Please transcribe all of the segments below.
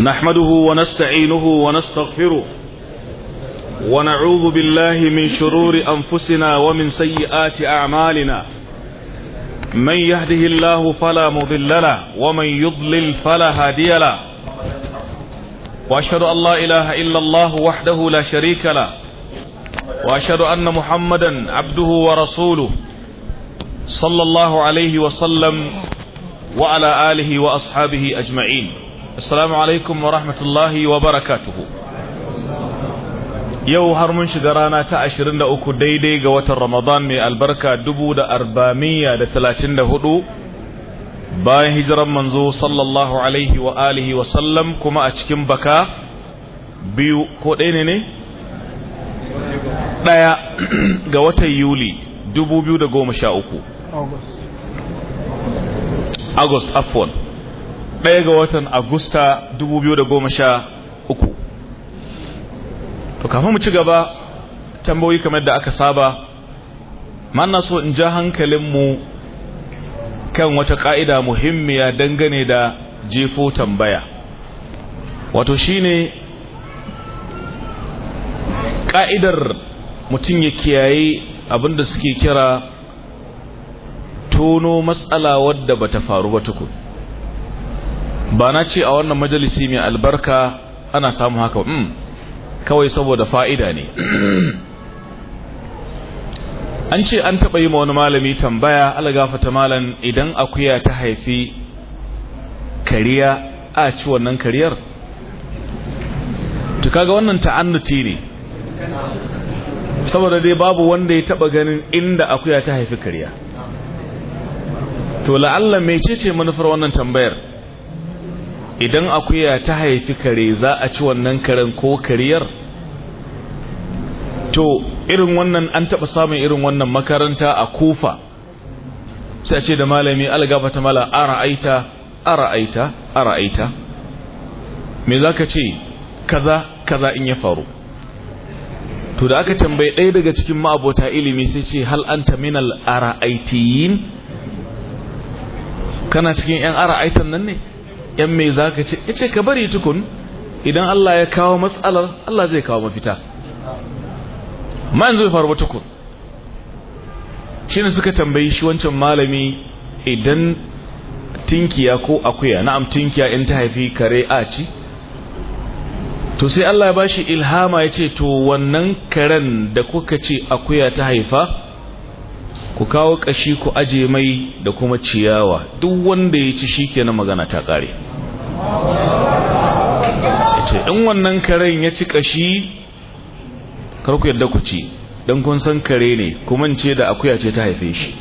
نحمده ونستعينه ونستغفره ونعوذ بالله من شرور أنفسنا ومن سيئات أعمالنا من يهده الله فلا مضل له ومن يضلل فلا هادي له وأشهد أن لا إله إلا الله وحده لا شريك له وأشهد أن محمدا عبده ورسوله صلى الله عليه وسلم وعلى آله وأصحابه أجمعين Assalamu alaikum wa rahmatullahi wa barakatuhu. Yau har mun shiga rana ta 23 daidai ga watan Ramadan mai albarka 1434 bayan hijiran manzo sallallahu alaihi wa alihi wa sallam kuma a cikin baka biyu ko ɗaya ne ne? Ɗaya ga watan Yuli 2013. August. August, afwan. ɗaya ga watan agusta 2013 to kafin mu ci gaba tambayoyi kamar da aka saba mana so in ja hankalinmu kan wata ƙa'ida muhimmiya dangane da jefo tambaya wato shine ƙa'idar mutum ya kiyaye abinda suke kira tono matsala wadda bata faru ba tukun ba na ce a wannan majalisi mai albarka ana samu haka ba. Mm. kawai saboda fa'ida ne an ce an taɓa yi ma wani malami tambaya algafata malan idan akuya ta haifi kariya a ci wannan kariyar ga wannan ta'annuti ne saboda dai babu wanda ya taɓa ganin inda akuya ta haifi kariya to la'alla mecece manufar wannan tambayar idan akuya ta haifi kare za a ci wannan karen ko kariyar to irin wannan an taɓa samun irin wannan makaranta a kufa sai ce da malami algaba ta mala aita ara aita me za ka ce kaza kaza in ya faru to da aka tambayi ɗaya daga cikin ma'abota ilimi sai ce hal anta minal ara'aitiyin kana cikin 'yan aitan nan ne yan mai za ka ce ya ka bari tukun idan Allah ya kawo matsalar Allah zai kawo mafita ma yanzu bai faru ba tukun shi ne suka tambayi shi wancan malami idan tinkiya ko akuya na'am tinkiya in ta haifi kare a ci to sai Allah ya bashi ilhama ya ce to wannan karen da kuka ce akuya ta haifa ku kawo kashi ku aje mai da kuma ciyawa duk wanda ya ci shikenan magana ta kare yace in wannan karen ya ci kashi kar ku yadda ku ci dan kun san kare ne kuma in ce da akuya ce ta haife shi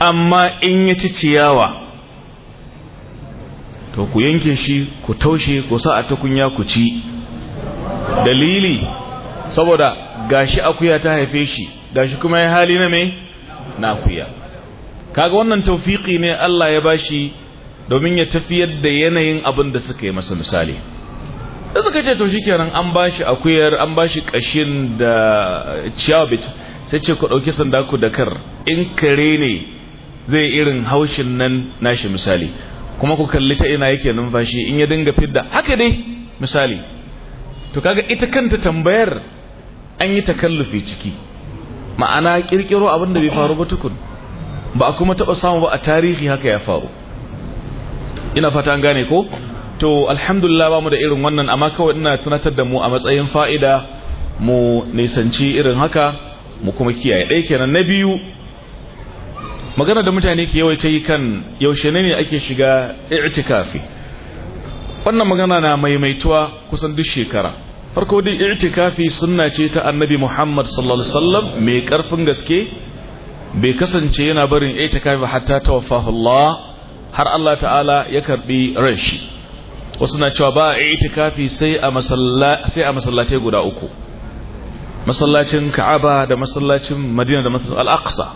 amma in ya ci ciyawa to ku yanke shi ku taushe ku sa a tukunya ku ci dalili saboda gashi akuya ta haife shi gashi kuma ya hali na mai na kaga wannan tawfiki ne Allah ya bashi domin ya tafiyar da yanayin abin da suka yi masa misali da suka ce to shikenan an bashi akuyar an bashi kashin da ciyabit sai ce ku dauki sanda ku da kar in kare ne zai irin haushin nan nashi misali kuma ku kalli ta ina yake numfashi in ya dinga fidda haka dai misali to kaga ita kanta tambayar an yi takallufi ciki ma'ana kirkiro abin da bai faru ba tukun ba a kuma taba samu ba a tarihi haka ya faru ina fata an gane ko to alhamdulillah ba mu da irin wannan amma kawai ina tunatar da mu a matsayin fa'ida mu nisanci irin haka mu kuma kiyaye ɗaya kenan na biyu magana da mutane ke ta yi kan yaushe ne ake shiga i'tikafi wannan magana na maimaituwa kusan duk shekara farko dai i'tikafi sunna ce ta annabi Muhammad sallallahu alaihi wasallam mai karfin gaske bai kasance yana barin i'tikafi hatta tawaffahu Allah har Allah ta'ala ya karbi ran wasu na cewa ba i'tikafi sai a masalla sai a masallace guda uku masallacin Ka'aba da masallacin Madina da masallacin Al-Aqsa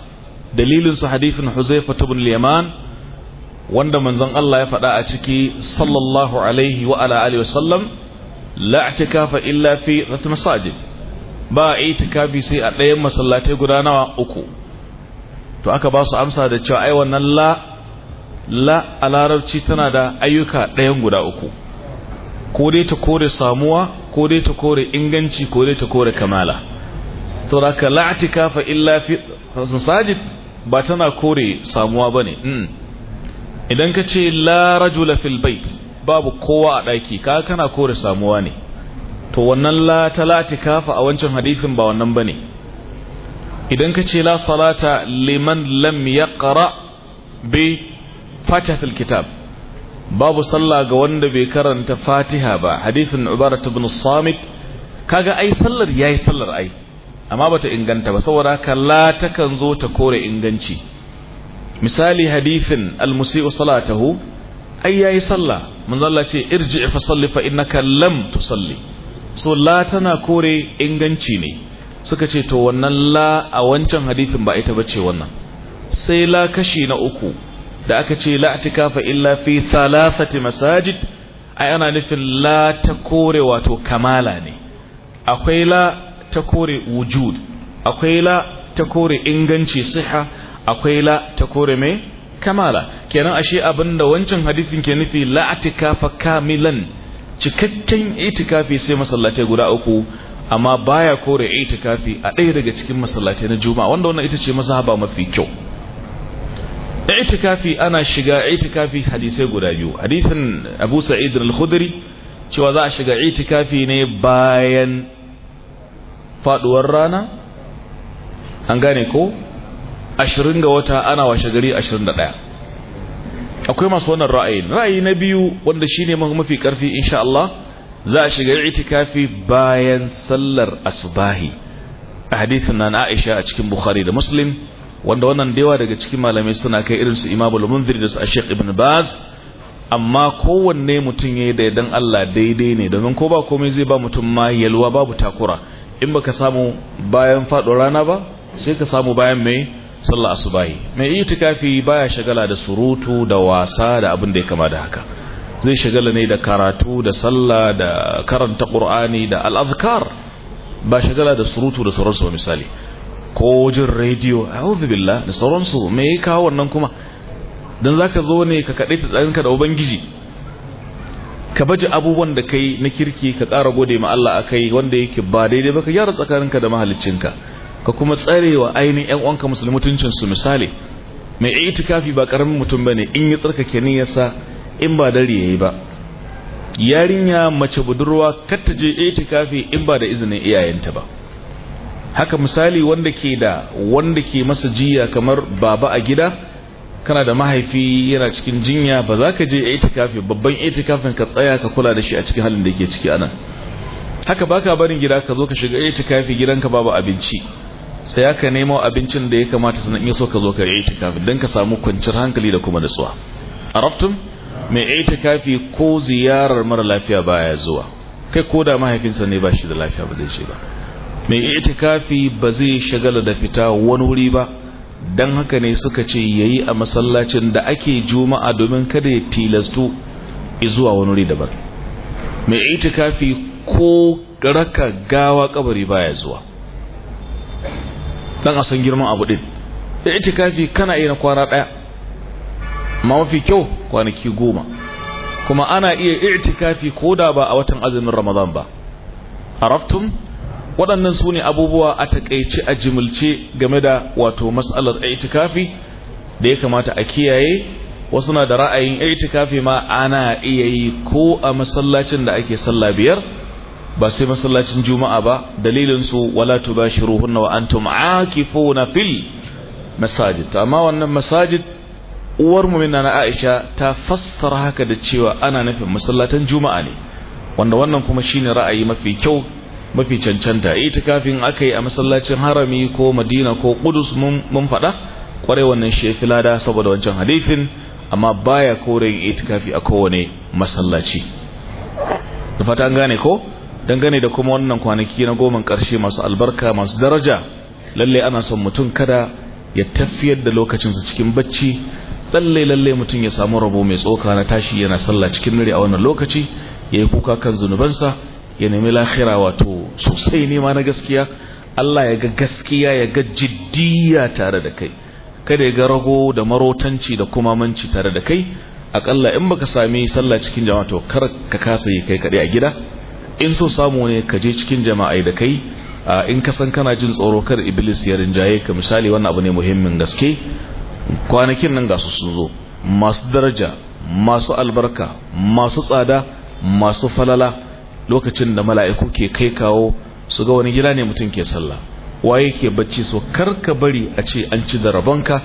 dalilin su hadithin Huzaifa ibn al-Yaman wanda manzon Allah ya faɗa a ciki sallallahu alaihi wa ala alihi wasallam la atikafa illa fi zat masajid ba itikafi sai a ɗayan masallatai guda nawa uku to aka ba su amsa da cewa ai wannan la la a larabci tana da ayyuka ɗayan guda uku ko dai ta kore samuwa ko dai ta kore inganci ko dai ta kore kamala saboda ka la atikafa illa fi masajid ba tana kore samuwa bane hmm. idan ka ce la rajula fil bait babu kowa a ɗaki ka kana kore samuwa ne to wannan la talati kafa a wancan hadifin ba wannan bane idan ka ce la salata liman lam ƙara bi fatahatul kitab babu sallah ga wanda bai karanta fatiha ba hadifin ubarat ibn samit kaga ai sallar yayi sallar ai amma bata inganta ba saboda haka la takan zo ta kore inganci misali hadifin al-musi'u salatahu ai ya yi sallah manzo Allah ce irji fa salli fa innaka lam tusalli so la tana kore inganci ne suka ce to wannan la a wancan hadithin ba ita bace wannan sai la kashi na uku da aka ce la atikafa illa fi thalathati masajid ai ana nufin la ta kore wato kamala ne akwai la ta kore wujud akwai la ta kore inganci siha akwai la ta kore mai kamala kenan ashe da wancan hadisin ke nufi la'atikafa kamilan cikakken itikafi sai masallatai guda uku amma baya kore itikafi a ɗaya daga cikin masallatai na juma'a wanda wannan ita ce mazhaba mafi kyau itikafi ana shiga itikafi hadisai guda biyu hadisin Abu Sa'id al-Khudri cewa za a shiga itikafi ne bayan faduwar rana an gane ko 20 ga wata ana washe gari 21 akwai masu wannan ra'ayin ra'ayi na biyu wanda shine mafi karfi insha Allah za a shiga itikafi bayan sallar asubahi a hadithin nan Aisha a cikin Bukhari da Muslim wanda wannan da daga cikin malamai suna kai irin su Imam al-Munzir da su Sheikh Ibn Baz amma kowanne mutum yayi da dan Allah daidai ne domin ko ba komai zai ba mutum ma yalwa babu takura in baka samu bayan faɗo rana ba sai ka samu bayan mai sallah asubahi mai itikafi baya shagala da surutu da wasa da abin da ya kama da haka zai shagala ne da karatu da sallah da karanta qur'ani da al'azkar ba shagala da surutu da sauransu ba misali ko jin rediyo a'udhu billah da sauransu me ya kawo wannan kuma dan zaka zo ne ka kade tsakanka da ubangiji ka baje abubuwan da kai na kirki ka kara gode ma Allah akai wanda yake ba daidai ba ka gyara tsakaninka da mahaliccinka ka kuma tsarewa ainihin yan uwanka musulmi mutuncinsu su misali mai itikafi ba karamin mutum bane in ya tsarkake yasa in ba dare ya yi ba yarinya mace budurwa kar ta je itikafi in ba da izinin iyayenta ba haka misali wanda ke da wanda ke masa jiya kamar baba a gida kana da mahaifi yana cikin jinya ba za ka je itikafi babban itikafin ka tsaya ka kula da shi a cikin halin da ke ciki anan haka baka barin gida ka zo ka shiga itikafi gidanka babu abinci sai ka nemo abincin da ya kamata sanan iya so ka zo ka yi itikafi don ka samu kwanciyar hankali da kuma nutsuwa arabtum mai itikafi ko ziyarar mara lafiya baya zuwa kai ko da mahaifinsa ne ba shi da lafiya ba zai shiga mai itikafi ba zai shagala da fita wani wuri ba don haka ne suka ce ya yi a masallacin da ake juma'a domin kada ya tilastu zuwa wani wuri daban mai itikafi ko raka gawa kabari baya zuwa dan a san girman abu din itikafi kana iya kwana daya ma mafi kyau kwanaki goma kuma ana iya itikafi koda ba a watan azumin ramadan ba araftum waɗannan su ne abubuwa a takaice a jimilce game da wato matsalar itikafi da ya kamata a kiyaye wasu na da ra'ayin itikafi ma ana iya yi ko a masallacin da ake sallah biyar ba sai masallacin juma'a ba dalilin su wala tubashiruhunna wa antum akifuna fil masajid To amma wannan masajid uwar mu'mina na Aisha ta fassara haka da cewa ana nufin masallatan juma'a ne wanda wannan kuma shine ra'ayi mafi kyau mafi cancanta itikafin aka yi a masallacin harami ko madina ko kudus mun faɗa kware wannan shefi lada saboda wancan hadifin amma baya koren itikafi a kowane masallaci da fata an gane ko dangane da kuma wannan kwanaki na goman ƙarshe masu albarka masu daraja lallai ana son mutum kada ya tafiyar da lokacinsa cikin bacci lalle lallai mutum ya samu rabo mai tsoka na tashi yana sallah cikin dare a wannan lokaci ya yi kuka kan zunubansa ya nemi lahira wato sosai nema na gaskiya Allah ya ga gaskiya ya ga jiddiya tare da kai kada ya ga rago da marotanci da kuma manci tare da kai akalla in baka sami sallah cikin jama'a to kar ka kasa yi kai kaɗai a gida in so samu ne ka je cikin jama'ai da kai in ka san kana jin tsoro kar iblis ya rinjaye ka misali wannan abu ne muhimmin gaske kwanakin nan ga su sun zo masu daraja masu albarka masu tsada masu falala lokacin da mala'iku ke kai kawo su ga wani gida ne mutum ke sallah waye ke bacci so kar ka bari a ce an ci da rabonka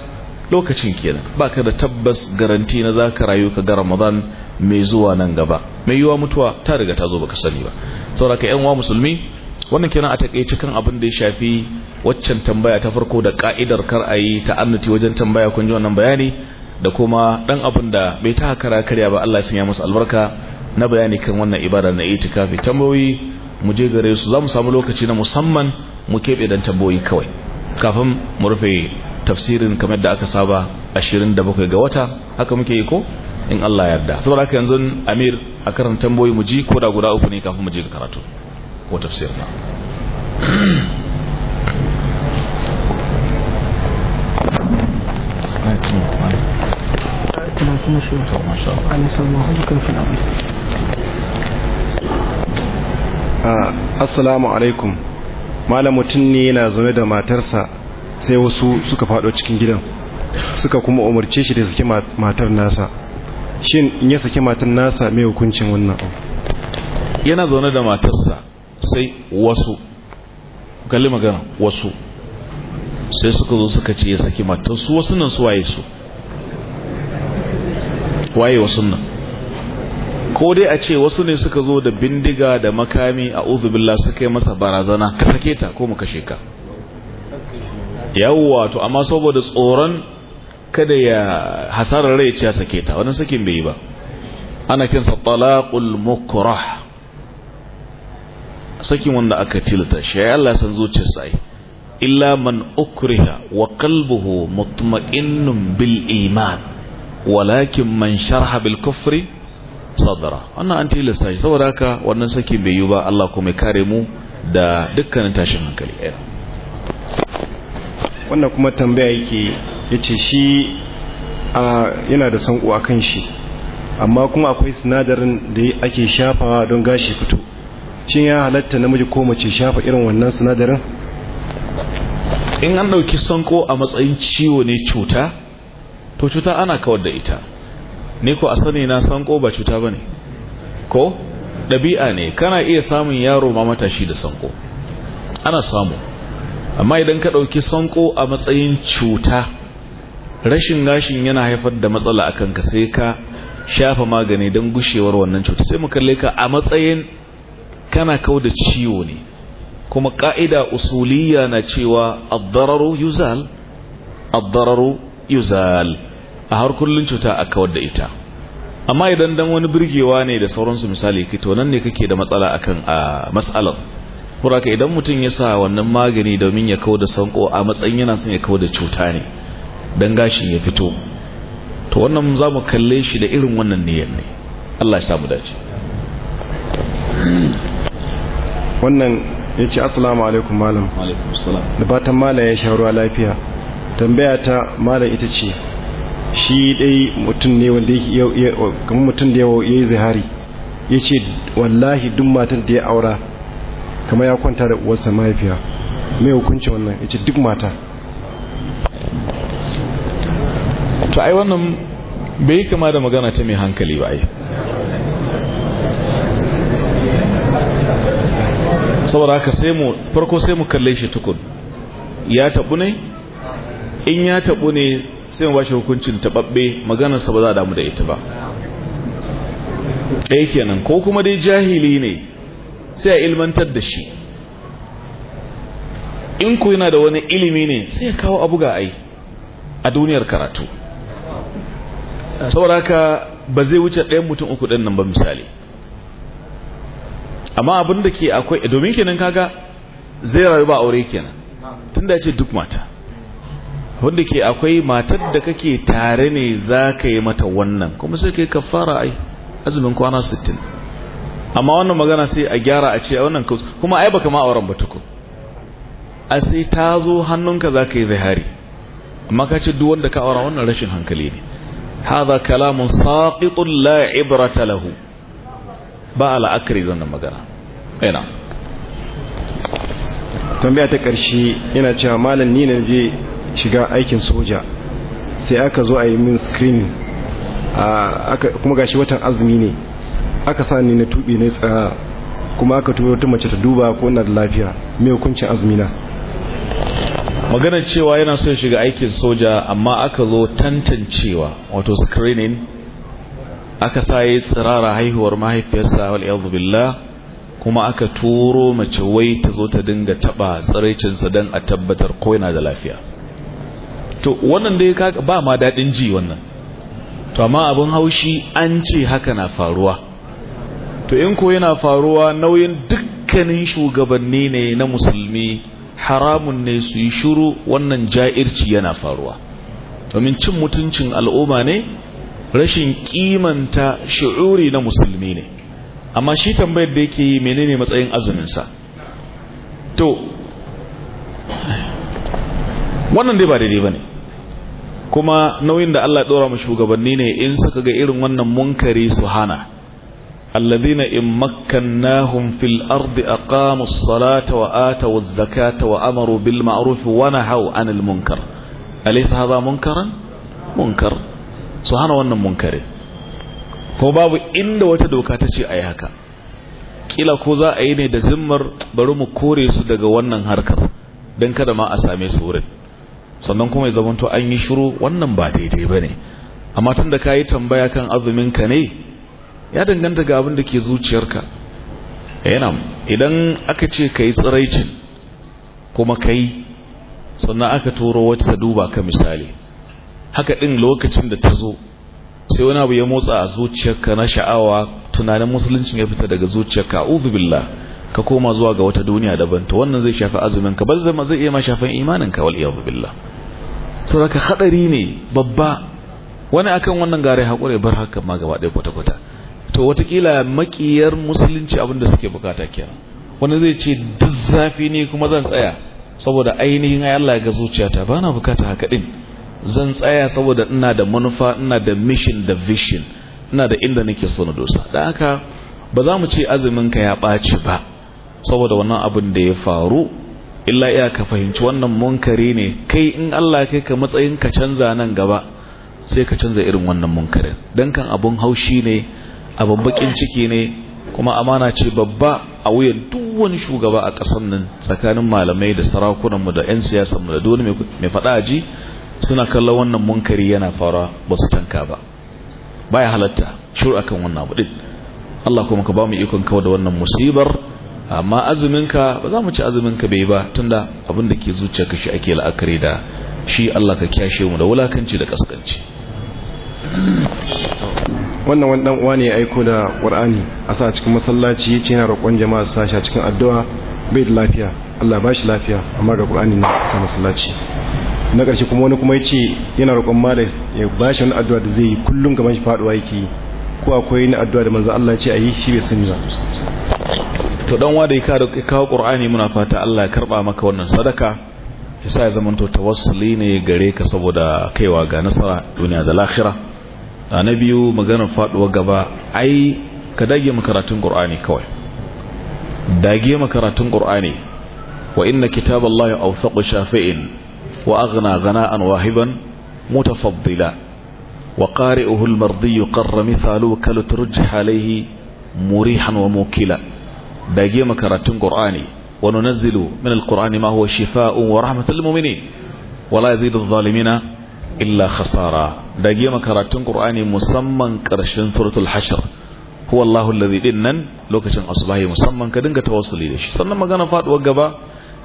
lokacin kenan baka da tabbas garanti na zaka rayu ka ga Ramadan mai zuwa nan gaba mai yiwa mutuwa ta riga ta zo baka sani ba saboda ka yan uwa musulmi wannan kenan a takeice kan abin da ya shafi waccan tambaya ta farko da ka'idar kar a yi ta'annuti wajen tambaya kun ji wannan bayani da kuma dan abin da bai ta hakara karya ba Allah ya sanya masa albarka na bayani kan wannan ibada na itikafi tambayoyi mu je gare su za mu samu lokaci na musamman mu keɓe dan tambayoyi kawai kafin mu rufe tafsirin kamar da aka saba 27 ga wata haka muke yi ko in Allah yarda saboda haka yanzu Amir a karanta tamboyi mu ji ko da guda uku ne kafin mu je karatu ko tafsir na ah, Assalamu alaikum Malam mutum ne yana zaune da matarsa sai wasu suka fado cikin gidan suka kuma umarce shi da saki matar nasa shin in ya saki matar nasa mai hukuncin wannan abu yana zaune da matarsa sai wasu kalli magana wasu sai suka zo suka ce ya saki matar su wasu nan su waye su waye wasu nan ko dai a ce wasu ne suka zo da bindiga da makami a uzubillah suka yi masa barazana ka sake ta ko mu kashe ka yawwa to amma saboda tsoron kada ya hasarar rai ya sake ta wannan sakin bai yi ba ana kinsa talaqul mukrah sakin wanda aka tilta shi ya Allah san zuciyarsa illa man ukriha wa qalbuhu mutma'innun bil iman walakin man sharha bil kufri sadra wannan an tilasta shi saboda haka wannan sakin bai yi ba Allah kuma ya kare mu da dukkanin tashin hankali wannan kuma tambaya yake ya ce shi yana da sanko a kan shi amma kuma akwai sinadarin da ake shafawa don gashi fito shin ya halatta namiji ko mace shafa irin wannan sinadarin in an ɗauki sanko a matsayin ciwo ne cuta to cuta ana kawar da ita ni ko a sani na sanko ba cuta ba ne ko ɗabi'a ne kana iya samun yaro ma matashi da sanko ana samu amma idan ka ɗauki sanko a matsayin cuta rashin gashin yana haifar da matsala a kanka sai ka shafa magani don gushewar wannan cuta sai mu kalle ka a matsayin kana kau da ciwo ne kuma ka'ida usuliya na cewa addararu yuzal addararu yuzal a har kullun cuta a kawar da ita amma idan dan wani birgewa ne da sauransu misali kito nan ne kake da matsala akan a matsalar. kuraka idan mutum ya sa wannan magani domin ya kawo da sanko a matsayin yana son ya kawo da cuta ne don gashin ya fito to wannan za mu kalle shi da irin wannan niyyar ne Allah ya samu dace wannan ya ce assalamu alaikum malam da fatan malam ya sha ruwa lafiya tambaya ta malam ita ce shi dai mutum ne wanda ya kamar mutum da ya yi zihari ya ce wallahi duk matan da ya aura kama ya kwanta da uwarsa mahaifiya mai hukunci wannan ya ce duk mata to ai wannan bai kama da magana ta mai hankali ba ai saboda haka sai mu farko sai mu kalle shi tukun ya tabu ne in ya tabu ne sai mu ba shi hukuncin tababbe maganarsa ba za a damu da ita ba ɗaya kenan ko kuma dai jahili ne sai a ilmantar da shi in ku yana da wani ilimi ne sai ya kawo abu ga ai a duniyar karatu saboda haka ba zai wuce ɗayan mutum uku ɗin nan ba misali amma abin da ke akwai domin kenan kaga zai rayu ba aure kenan tun da ya ce duk mata wanda ke akwai matar da kake tare ne za ka yi mata wannan kuma sai ka yi kafara ai azumin kwana sittin. amma wannan magana sai a gyara a ce a wannan kaus kuma ai baka ma auren ba tuku a sai ta zo hannunka za ka yi zahari amma ka ce duk wanda ka aura wannan rashin hankali ne hadha kalamun saƙiƙun la'ibra ibrata lahu ba la'akari da magana ina tambaya ta karshe yana cewa malam ni na je shiga aikin soja sai aka zo a yi min screening ah, kuma gashi watan azumi ne aka sa ni na tuɓe na tsaya kuma aka tuɓe wata mace ta duba ko na da lafiya mai hukuncin azumina maganar cewa yana so ya shiga aikin soja amma aka zo tantancewa wato screening aka sa yi tsirara haihuwar mahaifiyarsa wal'adu billah kuma aka turo mace wai ta zo ta dinga taba tsiraicinsa don a tabbatar ko yana da lafiya to wannan dai ba ma daɗin ji wannan to amma abin haushi an ce haka na faruwa to in ko yana faruwa nauyin dukkanin shugabanni ne na musulmi haramun ne su yi shuru wannan ja'irci yana faruwa domin cin mutuncin al'umma ne rashin kimanta shi'uri na musulmi ne amma shi tambayar da yake yi menene matsayin azuminsa to wannan dai ba daidai ba ne kuma nauyin da Allah ɗora mu shugabanni ne in suka ga irin wannan munkari su hana الذين إن مكناهم في الأرض أقاموا الصلاة وآتوا الزكاة وأمروا بالمعروف ونهوا عن المنكر أليس هذا منكرا؟ منكر سبحانه وأنه منكر فباب إن وتدوكا تشي أيهاك kila ko za a yi ne da zimmar bari mu kore su daga wannan harkar don kada ma a same su wurin sannan kuma ya zamanto an yi shiru wannan ba daidai ba ne amma tun da ka yi tambaya kan azumin ka ne ya danganta ga abin da ke zuciyarka yana idan aka ce ka yi tsiraicin kuma ka yi sannan aka turo wata ta duba ka misali haka ɗin lokacin da ta zo sai wani abu ya motsa a zuciyarka na sha'awa tunanin musuluncin ya fita daga zuciyarka a'udhu billah ka koma zuwa ga wata duniya daban to wannan zai shafi azumin ka bal zama zai iya ma shafin imanin ka wal iyadu billah to haka hadari ne babba wani akan wannan gare hakuri bar hakan ma gaba ɗaya kwata kwata to watakila makiyar musulunci abin da suke bukata kenan wani zai ce duk zafi ne kuma zan tsaya saboda ainihin ai Allah ga zuciyata ba na bukata haka din zan tsaya saboda ina da manufa ina da mission da vision ina da inda nake so na dosa da haka ba za mu ce azumin ka ya ɓaci ba saboda wannan abin da ya faru illa iya ka fahimci wannan munkari ne kai in Allah kai ka matsayin ka canza nan gaba sai ka canza irin wannan munkarin dan kan abun haushi ne abin bakin ciki ne kuma amana ce babba a wuyan duk wani shugaba a ƙasar nan tsakanin malamai da sarakunanmu da 'yan siyasanmu da duk wani mai faɗa ji suna kallon wannan munkari yana fara ba su tanka ba baya halatta shur akan wannan abu Allah kuma ka ba mu ikon kawo da wannan musibar amma azuminka ba za mu ci azuminka bai ba tunda abin da ke zuciya ka shi ake la'akari da shi Allah ka kyashe mu da wulakanci da kaskanci wannan wani dan uwa ne ya aiko da qur'ani a sa cikin masallaci yace yana roƙon jama'a su sashi a cikin addu'a bai da lafiya Allah ba shi lafiya amma ga qur'ani na sa masallaci na ƙarshe kuma wani kuma yace yana roƙon malam ya ba shi wani addu'a da zai yi kullum gaban shi faduwa yake ko akwai na addu'a da manzo Allah ya ce ayi shi bai sani ba to dan wanda ya kawo qur'ani muna fata Allah ya karba maka wannan sadaka ya sa ya zama zamanto tawassuli ne gare ka saboda kaiwa ga nasara duniya da lahira na biyu maganar faduwa gaba ai ka dage makaratun qur'ani kawai dage makaratun qur'ani wa inna kitaballahi awthaqu shafi'in wa aghna ghana'an wahiban mutafaddila wa qari'uhu al-mardi qarra mithalu kal turjih alayhi murihan wa mukila dage makaratun qur'ani wa nunazzilu min al-qur'ani ma huwa shifaa'un wa rahmatul mu'minin wa la yazidu adh-dhalimina illa khasara dage makaratun Qur'ani musamman karshen suratul hashr huwa Allahu alladhi din nan lokacin asubahi musamman ka dinga tawassuli da shi sannan magana faduwar gaba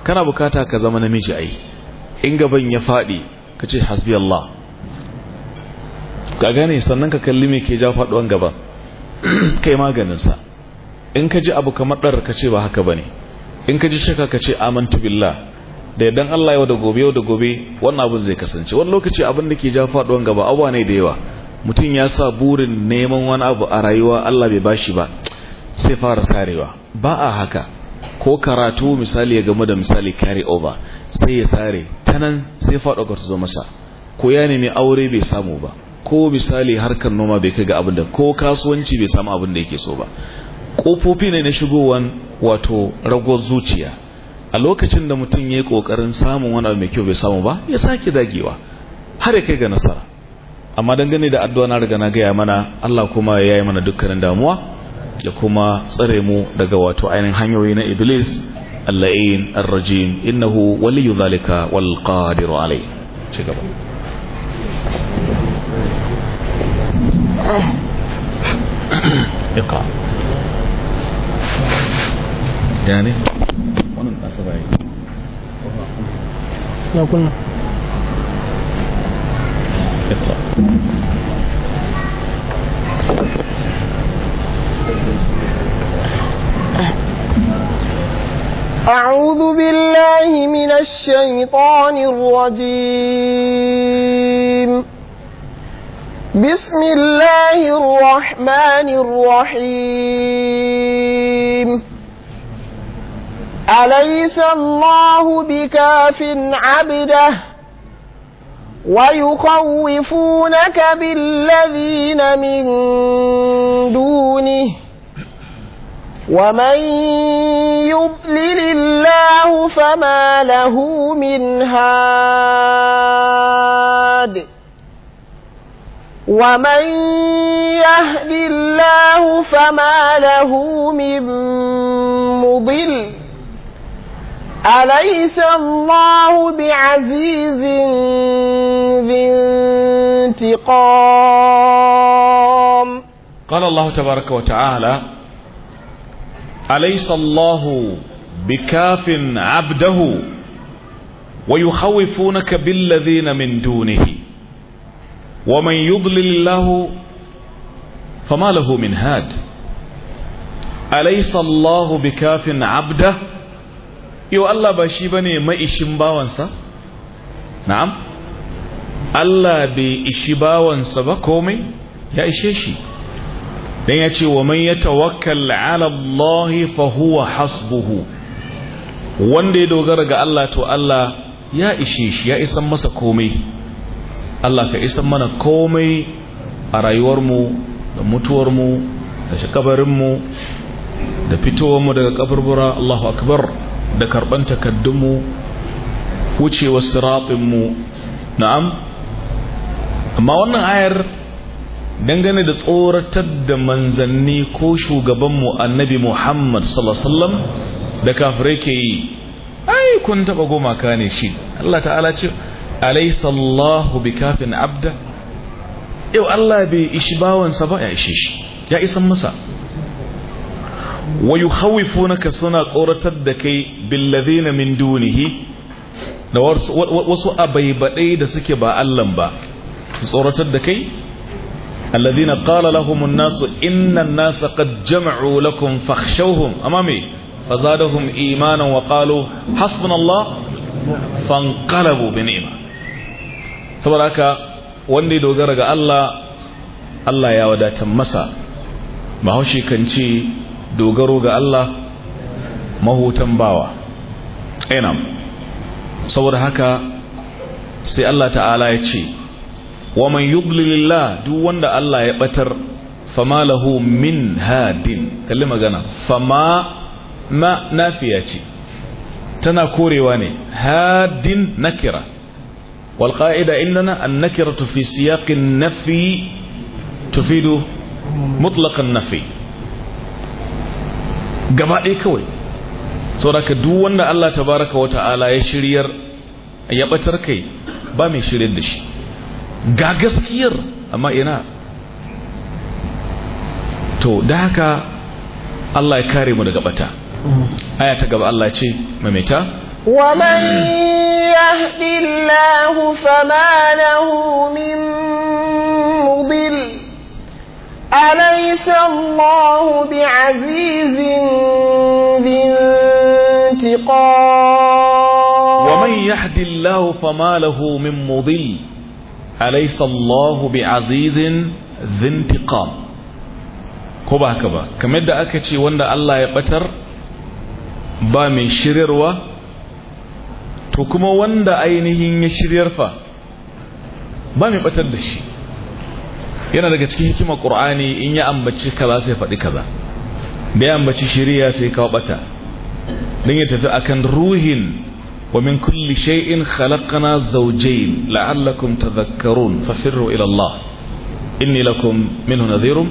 kana bukata ka zama namiji ai in gaban ya fadi ka ce hasbi Allah ka gane sannan ka kalli me ke ja faduwar gaba kai maganin sa in ka ji abu kamar dar ka ce ba haka bane in ka ji shaka ka ce amantu billah da yadda Allah yau da gobe yau da gobe wannan abin zai kasance wani lokaci abin da ke ja faduwan gaba abuwa ne da yawa mutum ya sa burin neman wani abu a rayuwa Allah bai bashi ba sai fara sarewa ba a haka ko karatu misali ya gama da misali carry over sai ya sare ta nan sai faɗo ka zo masa ko ya nemi aure bai samu ba ko misali harkar noma bai kai ga abin da ko kasuwanci bai samu abin da yake so ba ƙofofi ne na shigowan wato ragowar zuciya a lokacin da mutum ya yi ƙoƙarin samun wani abu mai kyau bai samu ba ya sake dagewa har ya kai ga nasara amma dangane da addu'a na riga na gaya mana Allah kuma ya yi mana dukkanin damuwa ya kuma tsare mu daga wato ainihin hanyoyi na Iblis اللئيم الرجيم إنه ولي ذلك والقادر عليه شكرا اقرأ لو قلنا أعوذ بالله من الشيطان الرجيم بسم الله الرحمن الرحيم أليس الله بكاف عبده ويخوفونك بالذين من دونه ومن يضلل الله فما له من هاد ومن يهد الله فما له من مضل أليس الله بعزيز ذي انتقام قال الله تبارك وتعالى أليس الله بكاف عبده ويخوفونك بالذين من دونه ومن يضلل الله فما له من هاد أليس الله بكاف عبده yau Allah ba shi bane maishin bawansa na'am Allah bai ishi bawansa ba komai ya ishe shi dan ya ce wa man ya 'ala Allah fa hasbuhu wanda ya dogara ga Allah to Allah ya ishe shi ya isan masa komai Allah ka isan mana komai a rayuwarmu da mutuwarmu da shakabarinmu da fitowarmu daga kaburbura Allahu akbar da karban takaddunmu wucewa siratinmu na'am amma wannan ayar dangane da tsoratar da manzanni ko shugabanmu annabi muhammad sallallahu da kafirai ke yi ai kun taba gumaka ne shi allah ta'ala ce alaisallahu bi kafin abda yau allah bai ishi bawansa ba ya ishe shi ya isan masa wa yukhawifunaka suna tsoratar da kai billazina min dunihi da wasu abaibadai da suke ba Allah ba tsoratar da kai alladhina qala lahum an-nasu inna an-nasa qad jama'u lakum fakhshawhum amami fazadahum imanan wa qalu hasbunallah fanqalabu bi ni'ma saboda haka wanda ya dogara ga Allah Allah ya wadatar masa bahaushe kan ce dogaro ga Allah mahutan bawa ina eh, saboda haka sai Allah ta'ala ya ce wa man yudlilillah duk wanda Allah ya batar fama lahu min hadin kalli magana fama ma nafiya ce tana korewa ne hadin nakira wal qa'ida indana an nakiratu fi siyaqin nafi tufidu mutlaqan nafi gaba ɗaya kawai sauraka duk wanda Allah ta baraka wa ta'ala ya shiryar ya batar kai ba mai shiryar da shi ga gaskiyar amma ina to da haka Allah ya kare mu daga bata aya ta gaba Allah ce maimaita ومن يهد الله فما له من مضل أليس الله بعزيز ذي انتقام ومن يهد الله فما له من مضل أليس الله بعزيز ذي انتقام كبا كبا كما يدعى أكتشي وأن الله يبتر با من شرير و تكما wanda أينه يشرير shiryar با من mai دشي yana daga cikin hikimar qur'ani in ya ambaci kaza sai faɗi kaza da ya ambaci shari'a sai kawo bata dan ya tafi akan ruhin wa min kulli shay'in khalaqna zawjayn la'allakum tadhakkarun fafirru ila Allah inni lakum minhu nadhirun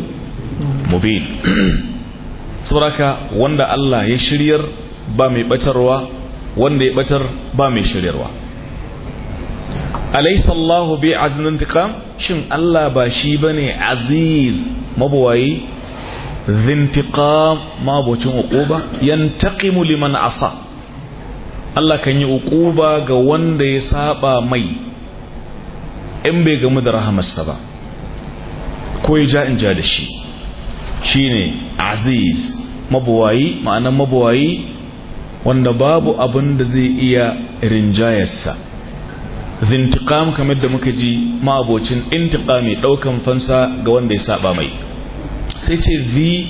mubin saboda wanda Allah ya shiryar ba mai batarwa wanda ya batar ba mai shiryarwa alaysa Allahu bi'azmin intiqam shin Allah ba shi bane aziz mabuwayi zintiqam mabocin uquba yantaqimu liman asa Allah kan yi uquba ga wanda ya saba mai in bai gamu da rahamarsa ba ko ya ja in ja da shi shine aziz mabuwayi ma'anan mabuwayi wanda babu abin da zai iya rinjayarsa zintiqam kamar da muka ji ma'abocin intiqami daukan fansa ga wanda ya saba mai sai ce zi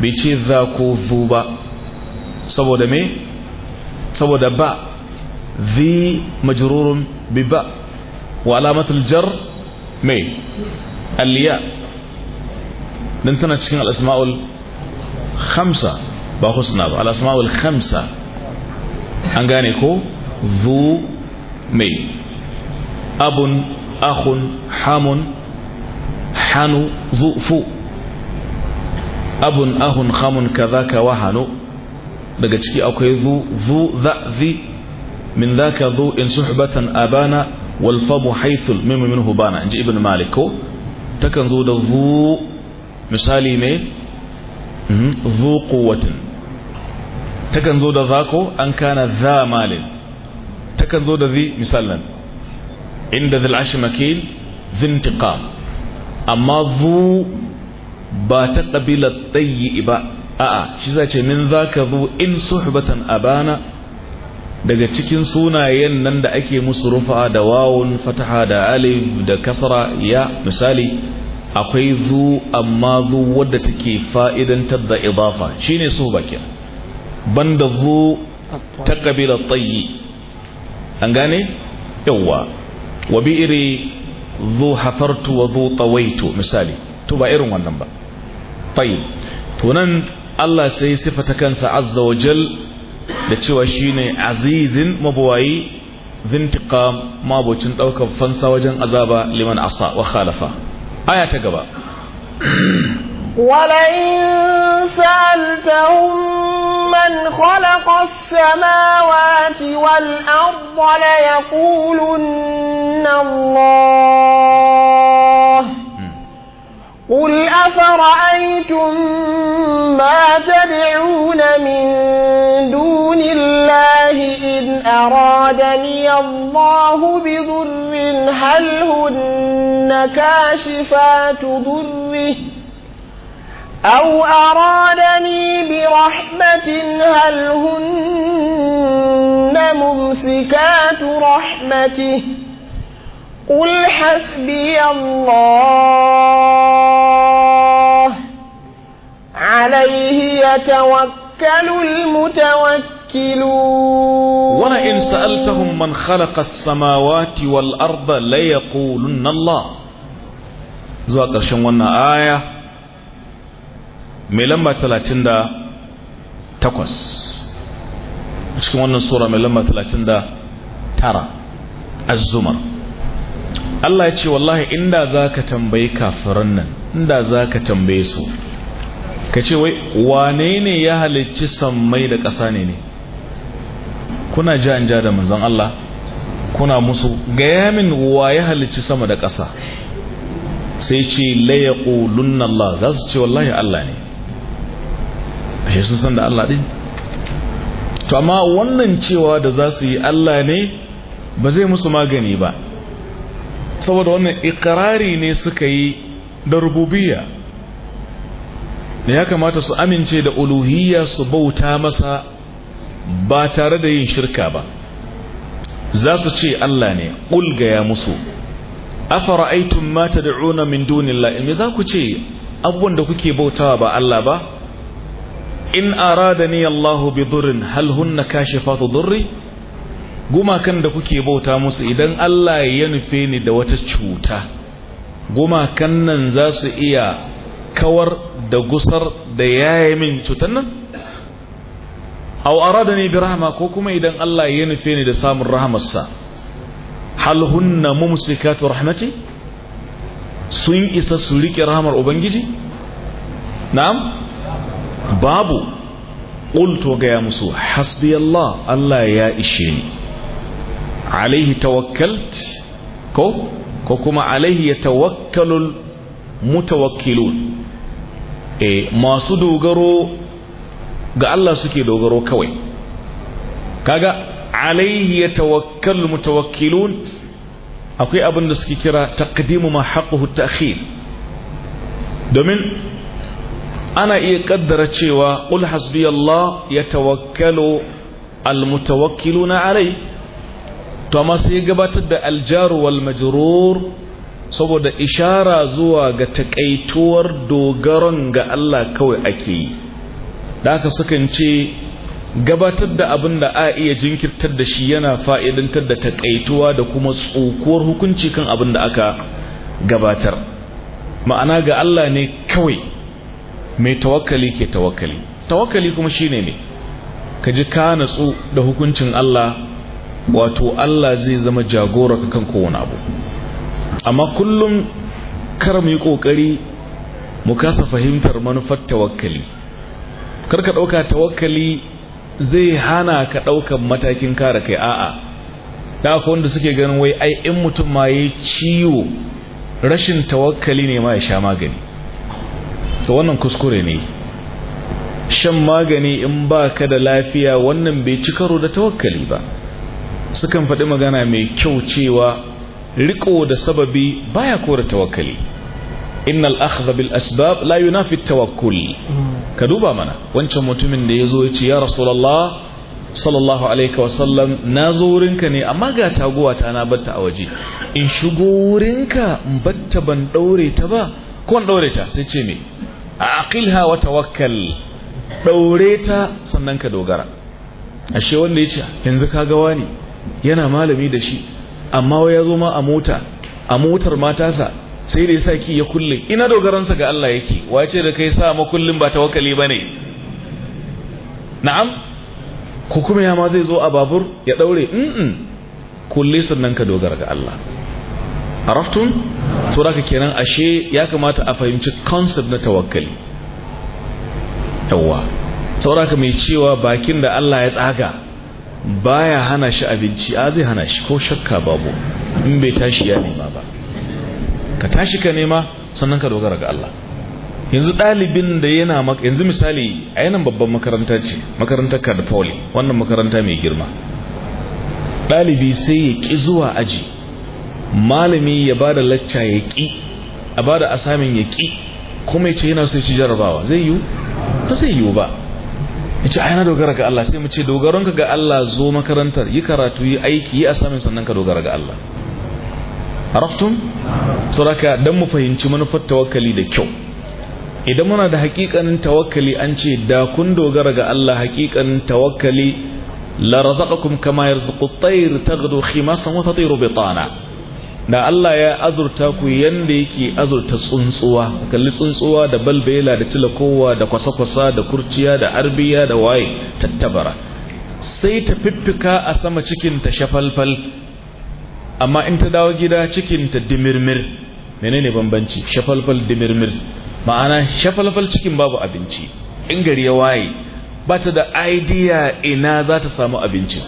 bai ce za ko zu ba saboda me saboda ba zi majrurun bi ba wa alamatul jar me aliya dan tana cikin al-asma'ul khamsa ba husna ba al-asma'ul khamsa an gane ko zu mai abun ahun hamun hanu zufu abun ahun hamun kazaka wahanu daga ciki akwai zu zu za min zaka zu in suhbatan abana wal famu haithul mimu minhu bana inji ibn malik ko takan zo da zu misali me mhm, zu quwwatin takan zo da zako an kana za malin takan da inda zil ashi makil amma zu ba ta ƙabilar ɗayi ba a'a shi za ce min za ka zu in suhbatan abana daga cikin sunayen nan da ake musu rufa da wawan fataha da alif da kasra ya misali akwai zu amma zu wadda take fa'idantar da idafa shine suhba kenan banda zu ta ƙabilar ɗayi an gane yawwa wa bi'iri zu hafartu wa zu tawaitu misali to ba irin wannan ba tayi to nan Allah sai sifata kansa azza wa jal da cewa shine azizin mabawayi zintiqam mabocin daukan fansa wajen azaba liman asa wa khalafa aya ta gaba ولئن سألتهم من خلق السماوات والأرض ليقولن الله قل أفرأيتم ما تدعون من دون الله إن أرادني الله بضر هل هن كاشفات ضره أو أرادني برحمة هل هن ممسكات رحمته قل حسبي الله عليه يتوكل المتوكلون ولئن سألتهم من خلق السماوات والأرض ليقولن الله زوات الشمونا آية mai lamba 38 a cikin wannan sura mai lamba 39 tara azumar Allah ya ce wallahi inda za ka tambayi kafiran nan inda za ka tambaye su ka ce wai wane ne ya halicci sammai da ƙasa ne ne kuna ja in ja da manzon Allah kuna musu gaya min wa ya halicci sama da ƙasa sai ce la Allah za su ce wallahi Allah ne ashe sun san da Allah din to amma wannan cewa da za su yi Allah ne ba zai musu magani ba saboda wannan ikirari ne suka yi da rububiyya da ya kamata su amince da uluhiyya su bauta masa ba tare da yin shirka ba za su ce Allah ne ya musu afara'aitun mata da'una min dunin me za ku ce abubuwan da kuke bautawa ba Allah ba in aradani Allahu bi durrin hal hunna kashifatu durri gumakan da kuke bauta musu idan Allah ya nufe ni da wata cuta gumakan nan za su iya kawar da gusar da yaye min cutan nan aw aradani bi rahma ko kuma idan Allah ya nufe ni da samun rahmarsa, hal hunna mumsikatu rahmati sun isa su rike rahamar ubangiji na'am babu ƙulto gaya musu hasbi Allah Allah ya ishe ni alaihi tawakkalt ko ko kuma alaihi ya tawakkalul mutawakkilun e masu dogaro ga Allah suke dogaro kawai kaga alaihi ya tawakkalul mutawakkilun akwai abin da suke kira taqdimu ma haqquhu ta'khir domin ana iya kaddara cewa qul hasbiyallah yatawakkalu na alai to amma sai gabatar da aljaru wal majrur saboda ishara zuwa ga takaituwar dogaron ga Allah kawai ake yi da haka sukan ce gabatar da abin da a iya jinkirtar da shi yana fa'idantar da takaituwa da kuma tsokuwar hukunci kan abin da aka gabatar ma'ana ga Allah ne kawai mai tawakkali ke tawakkali tawakali kuma shine ne ka ji ka natsu da hukuncin Allah wato Allah zai zama jagora ka kan kowane abu amma kullum kar mu yi kokari mu kasa fahimtar manufar tawakkali kar ka dauka tawakkali zai hana ka daukan matakin kare kai a'a da akwai wanda suke ganin wai ai in mutum ma yayi ciwo rashin tawakkali ne ma ya sha magani ka wannan kuskure ne shan magani in ba ka da lafiya wannan bai ci karo da tawakkali ba sukan faɗi magana mai kyau cewa riko da sababi baya kora tawakkali innal akhdha bil asbab la yunafi tawakkul ka duba mana wancan mutumin da yazo yace ya rasulullah sallallahu alaihi wasallam na zo wurinka ne amma ga taguwa ta na batta a waje in shigo wurinka in batta ban daure ta ba ko in daure ta sai ce me a aqilha wa tawakkal daure ta sannan ka dogara ashe wanda yace yanzu kaga wani yana malami da shi amma wai ya zo ma a mota a motar matasa sai da yasa ki ya kulle ina dogaransa ga Allah yake wace da kai sa ma makullin ba tawakkali bane na'am ko kuma ya ma zai zo a babur ya daure mm kulle sannan ka dogara ga Allah araftun to da kenan ashe ya kamata a fahimci concept na tawakkali yawwa sauraka mai cewa bakin da Allah ya tsaga baya hana shi abinci a zai hana shi ko shakka babu in bai tashi ya nema ba ka tashi ka nema sannan ka dogara ga Allah yanzu ɗalibin da yana yanzu misali a yanan babban makaranta ce makarantar ka da wannan makaranta mai girma ɗalibi sai ya ƙi zuwa aji malami ya ba da lacca ya ƙi a ba da asamin ya ƙi kuma ya ce yana sai ci jarabawa zai yiwu ba zai yiwu ba ya ce ai na dogara ga Allah sai mu ce dogaronka ga Allah zo makarantar yi karatu yi aiki yi asamin sannan ka dogara ga Allah araftum saboda dan mu fahimci manufar tawakkali da kyau idan muna da hakikanin tawakkali an ce da kun dogara ga Allah hakikanin tawakkali la razaqakum kama yarzuqu at-tayr taghdu khimasan wa tatiru bitana da Allah ya azurta ku yanda yake azurta tsuntsuwa kalli tsuntsuwa da balbela da tilakowa da kwasa-kwasa da kurciya da arbiya da waye tattabara sai ta fiffika a sama cikin ta shafalfal amma in ta dawo gida cikin ta dimirmir menene bambanci shafalfal dimirmir ma'ana shafalfal cikin babu abinci in gari ya waye ba ta da idea ina za ta samu abinci.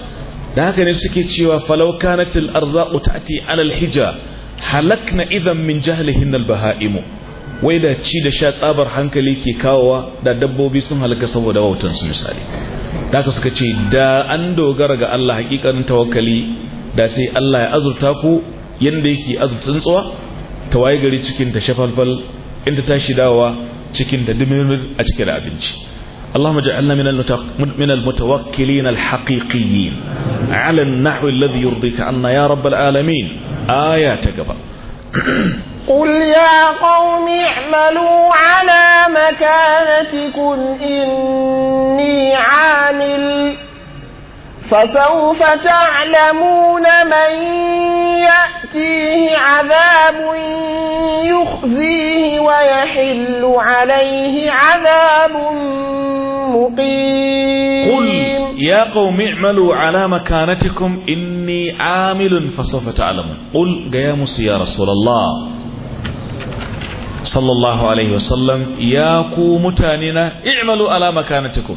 da haka ne suke cewa falau kanatil arzaqu ta'ti ala alhija halakna idan min jahlihin baha'imu wai da ci da sha tsabar hankali ke kawowa da dabbobi sun halaka saboda wautan su misali da haka suka ce da an dogara ga Allah hakikanin tawakkali da sai Allah ya azurta ku yanda yake azurta tsuwa ta waye gari cikin ta shafalfal inda ta tashi dawowa cikin da dumin a cikin abinci اللهم اجعلنا من من المتوكلين الحقيقيين على النحو الذي يرضيك عنا يا رب العالمين آيات قبل قل يا قوم اعملوا على مكانتكم إني عامل فسوف تعلمون من يأتيه عذاب يخزيه ويحل عليه عذاب مقيم قل يا قوم اعملوا على مكانتكم إني عامل فسوف تعلمون قل قيامس يا رسول الله صلى الله عليه وسلم يا قوم تاننا اعملوا على مكانتكم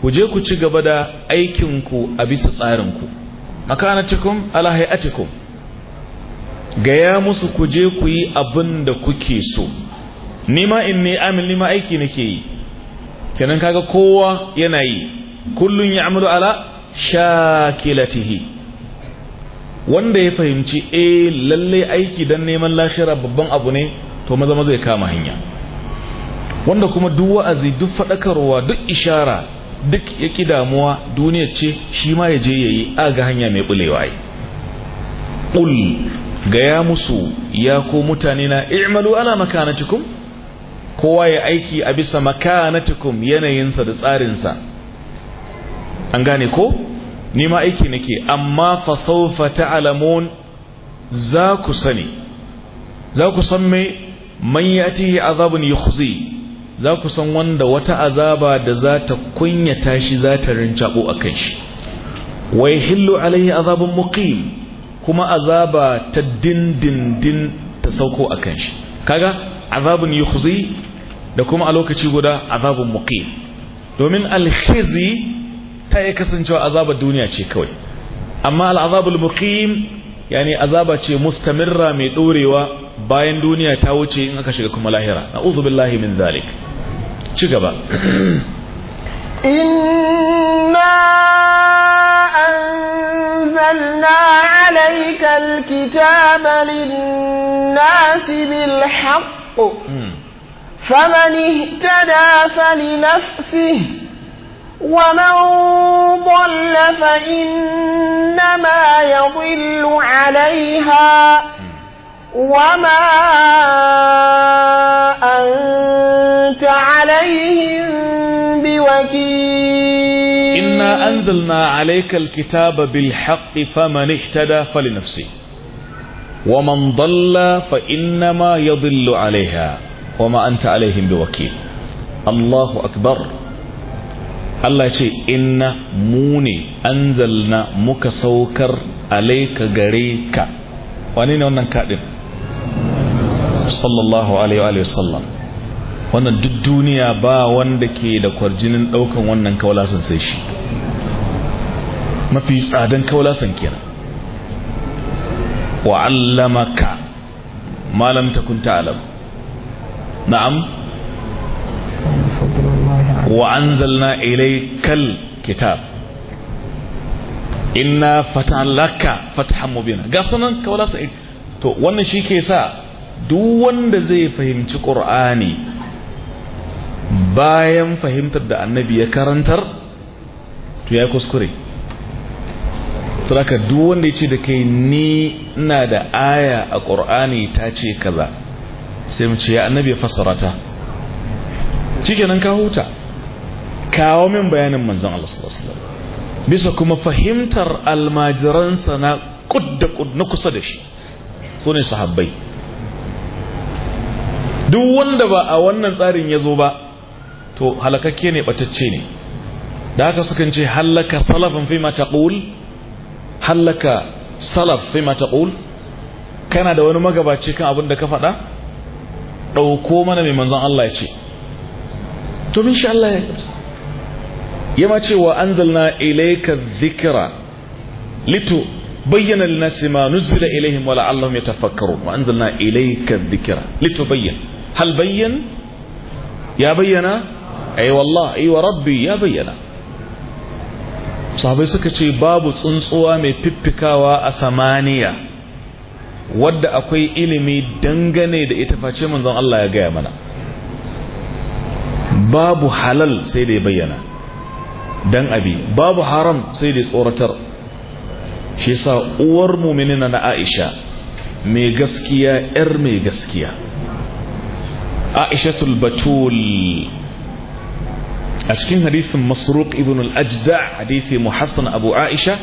ku je ku ci gaba da aikinku a bisa tsarinku makanatikum ala hayatikum gaya musu ku je ku yi abin da kuke so nima in ne amin nima aiki nake yi kenan kaga kowa yana yi kullun ya amuru ala shakilatihi wanda ya fahimci eh lalle aiki don neman lahira babban abu ne to maza maza ya kama hanya wanda kuma duk wa'azi duk fadakarwa duk ishara duk ya ki damuwa duniya ce shi ma ya je ya yi a ga hanya mai bulewa yi ƙul ya musu ya ko mutane na i'malu ala makanatikum kowa ya aiki a bisa makanatikum yanayinsa da tsarinsa an gane ko ni ma aiki nake amma fa sawfa ta'lamun za ku sani za ku san me man yatihi azabun yukhzi za ku san wanda wata azaba da za ta kunyata shi za ta rincabo a kan shi wai hillu alaihi azabun muqim kuma azaba ta dindindin ta sauko a kan shi kaga azabun yukhzi da kuma a lokaci guda azabun muqim domin alkhizi ta yi kasancewa azabar duniya ce kawai amma al'azabul muqim yani azaba ce mustamirra mai dorewa bayan duniya ta wuce in aka shiga kuma lahira Na'uzubillahi billahi min zalik شكرا إنا أنزلنا عليك الكتاب للناس بالحق فمن اهتدى فلنفسه ومن ضل فإنما يضل عليها وما حكيم إنا أنزلنا عليك الكتاب بالحق فمن اهتدى فلنفسه ومن ضل فإنما يضل عليها وما أنت عليهم بوكيل الله أكبر Allah ya ce inna mu ne anzalna muka saukar alaika gare ka ne wannan kaɗin sallallahu alaihi wa sallam wannan duk duniya ba wanda ke da kwarjinin daukan wannan kawalasan sai shi mafi tsadan kawalasan kenan wa allamaka malam takun ta'alam na'am wa anzalna ilaykal kitab inna fatalaka fathan mubina ga sanan kawalasan to wannan shi ke sa duk wanda zai fahimci qur'ani bayan fahimtar da annabi ya karantar to ya kuskure saboda duk wanda ya ce da kai ni ina da aya a ƙur'ani ta ce kaza sai mu ce ya annabi ya fassara ta nan ka huta kawo min bayanin manzon Allah sallallahu alaihi bisa kuma fahimtar almajiransa na kudda kudda na kusa da shi su ne sahabbai duk wanda ba a wannan tsarin ya zo ba to halakakke ne batacce ne da haka sukan ce halaka salafin fi ma halaka salaf fi ma kana da wani magabaci kan abin da ka faɗa ɗauko mana mai manzon Allah ya ce to min sha Allah ya yama cewa anzalna ilayka dhikra litu bayyana linnasi ma nuzila ilayhim wa la'allahum yatafakkarun wa anzalna ilayka dhikra litu bayyin hal bayyin ya bayyana ai wallah ai wa rabbi ya bayyana sahabai suka ce babu tsuntsuwa mai fiffikawa a samaniya wadda akwai ilimi dangane da ita face manzon Allah ya gaya mana babu halal sai da ya bayyana dan abi babu haram sai da tsoratar shi sa uwar muminina na Aisha mai gaskiya yar mai gaskiya Aisha Aishatul Batul a cikin hadithin masruq ibn al-ajda hadithi muhassan abu aisha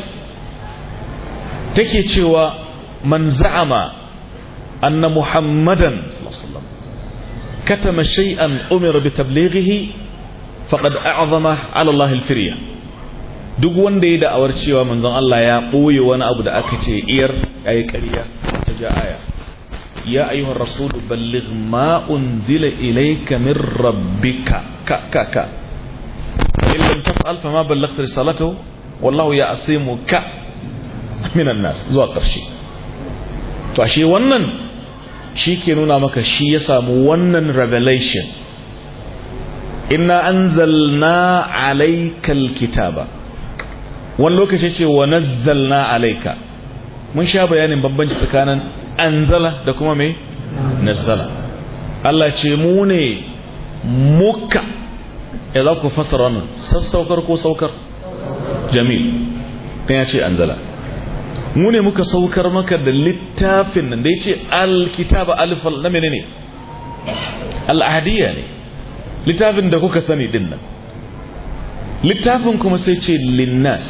take cewa man za'ama anna muhammadan katama shay'an umira bi tablighihi faqad a'zama ala Allah al-firya duk wanda ya da'awar cewa manzon Allah ya boye wani abu da aka ce iyar ayi ƙarya ta ja aya ya ayyuhar rasul balligh ma unzila ilayka min rabbika ka ka ka in lam taf'al fa ma ballaghta risalatahu wallahu ya asimuka minan nas zuwa ƙarshe to ashe wannan shi ke nuna maka shi ya samu wannan revelation inna anzalna alaikal kitaba wani lokaci ce wa nazzalna alaika mun sha bayanin bambanci tsakanin anzala da kuma mai nazzala Allah ce mu ne muka ya za ku fasara wannan sassaukar ko saukar jamil kan ya ce anzala mu ne muka saukar maka da littafin nan da ya ce alkitaba alfal na menene al'adiyya ne littafin da kuka sani din nan littafin kuma sai ce linnas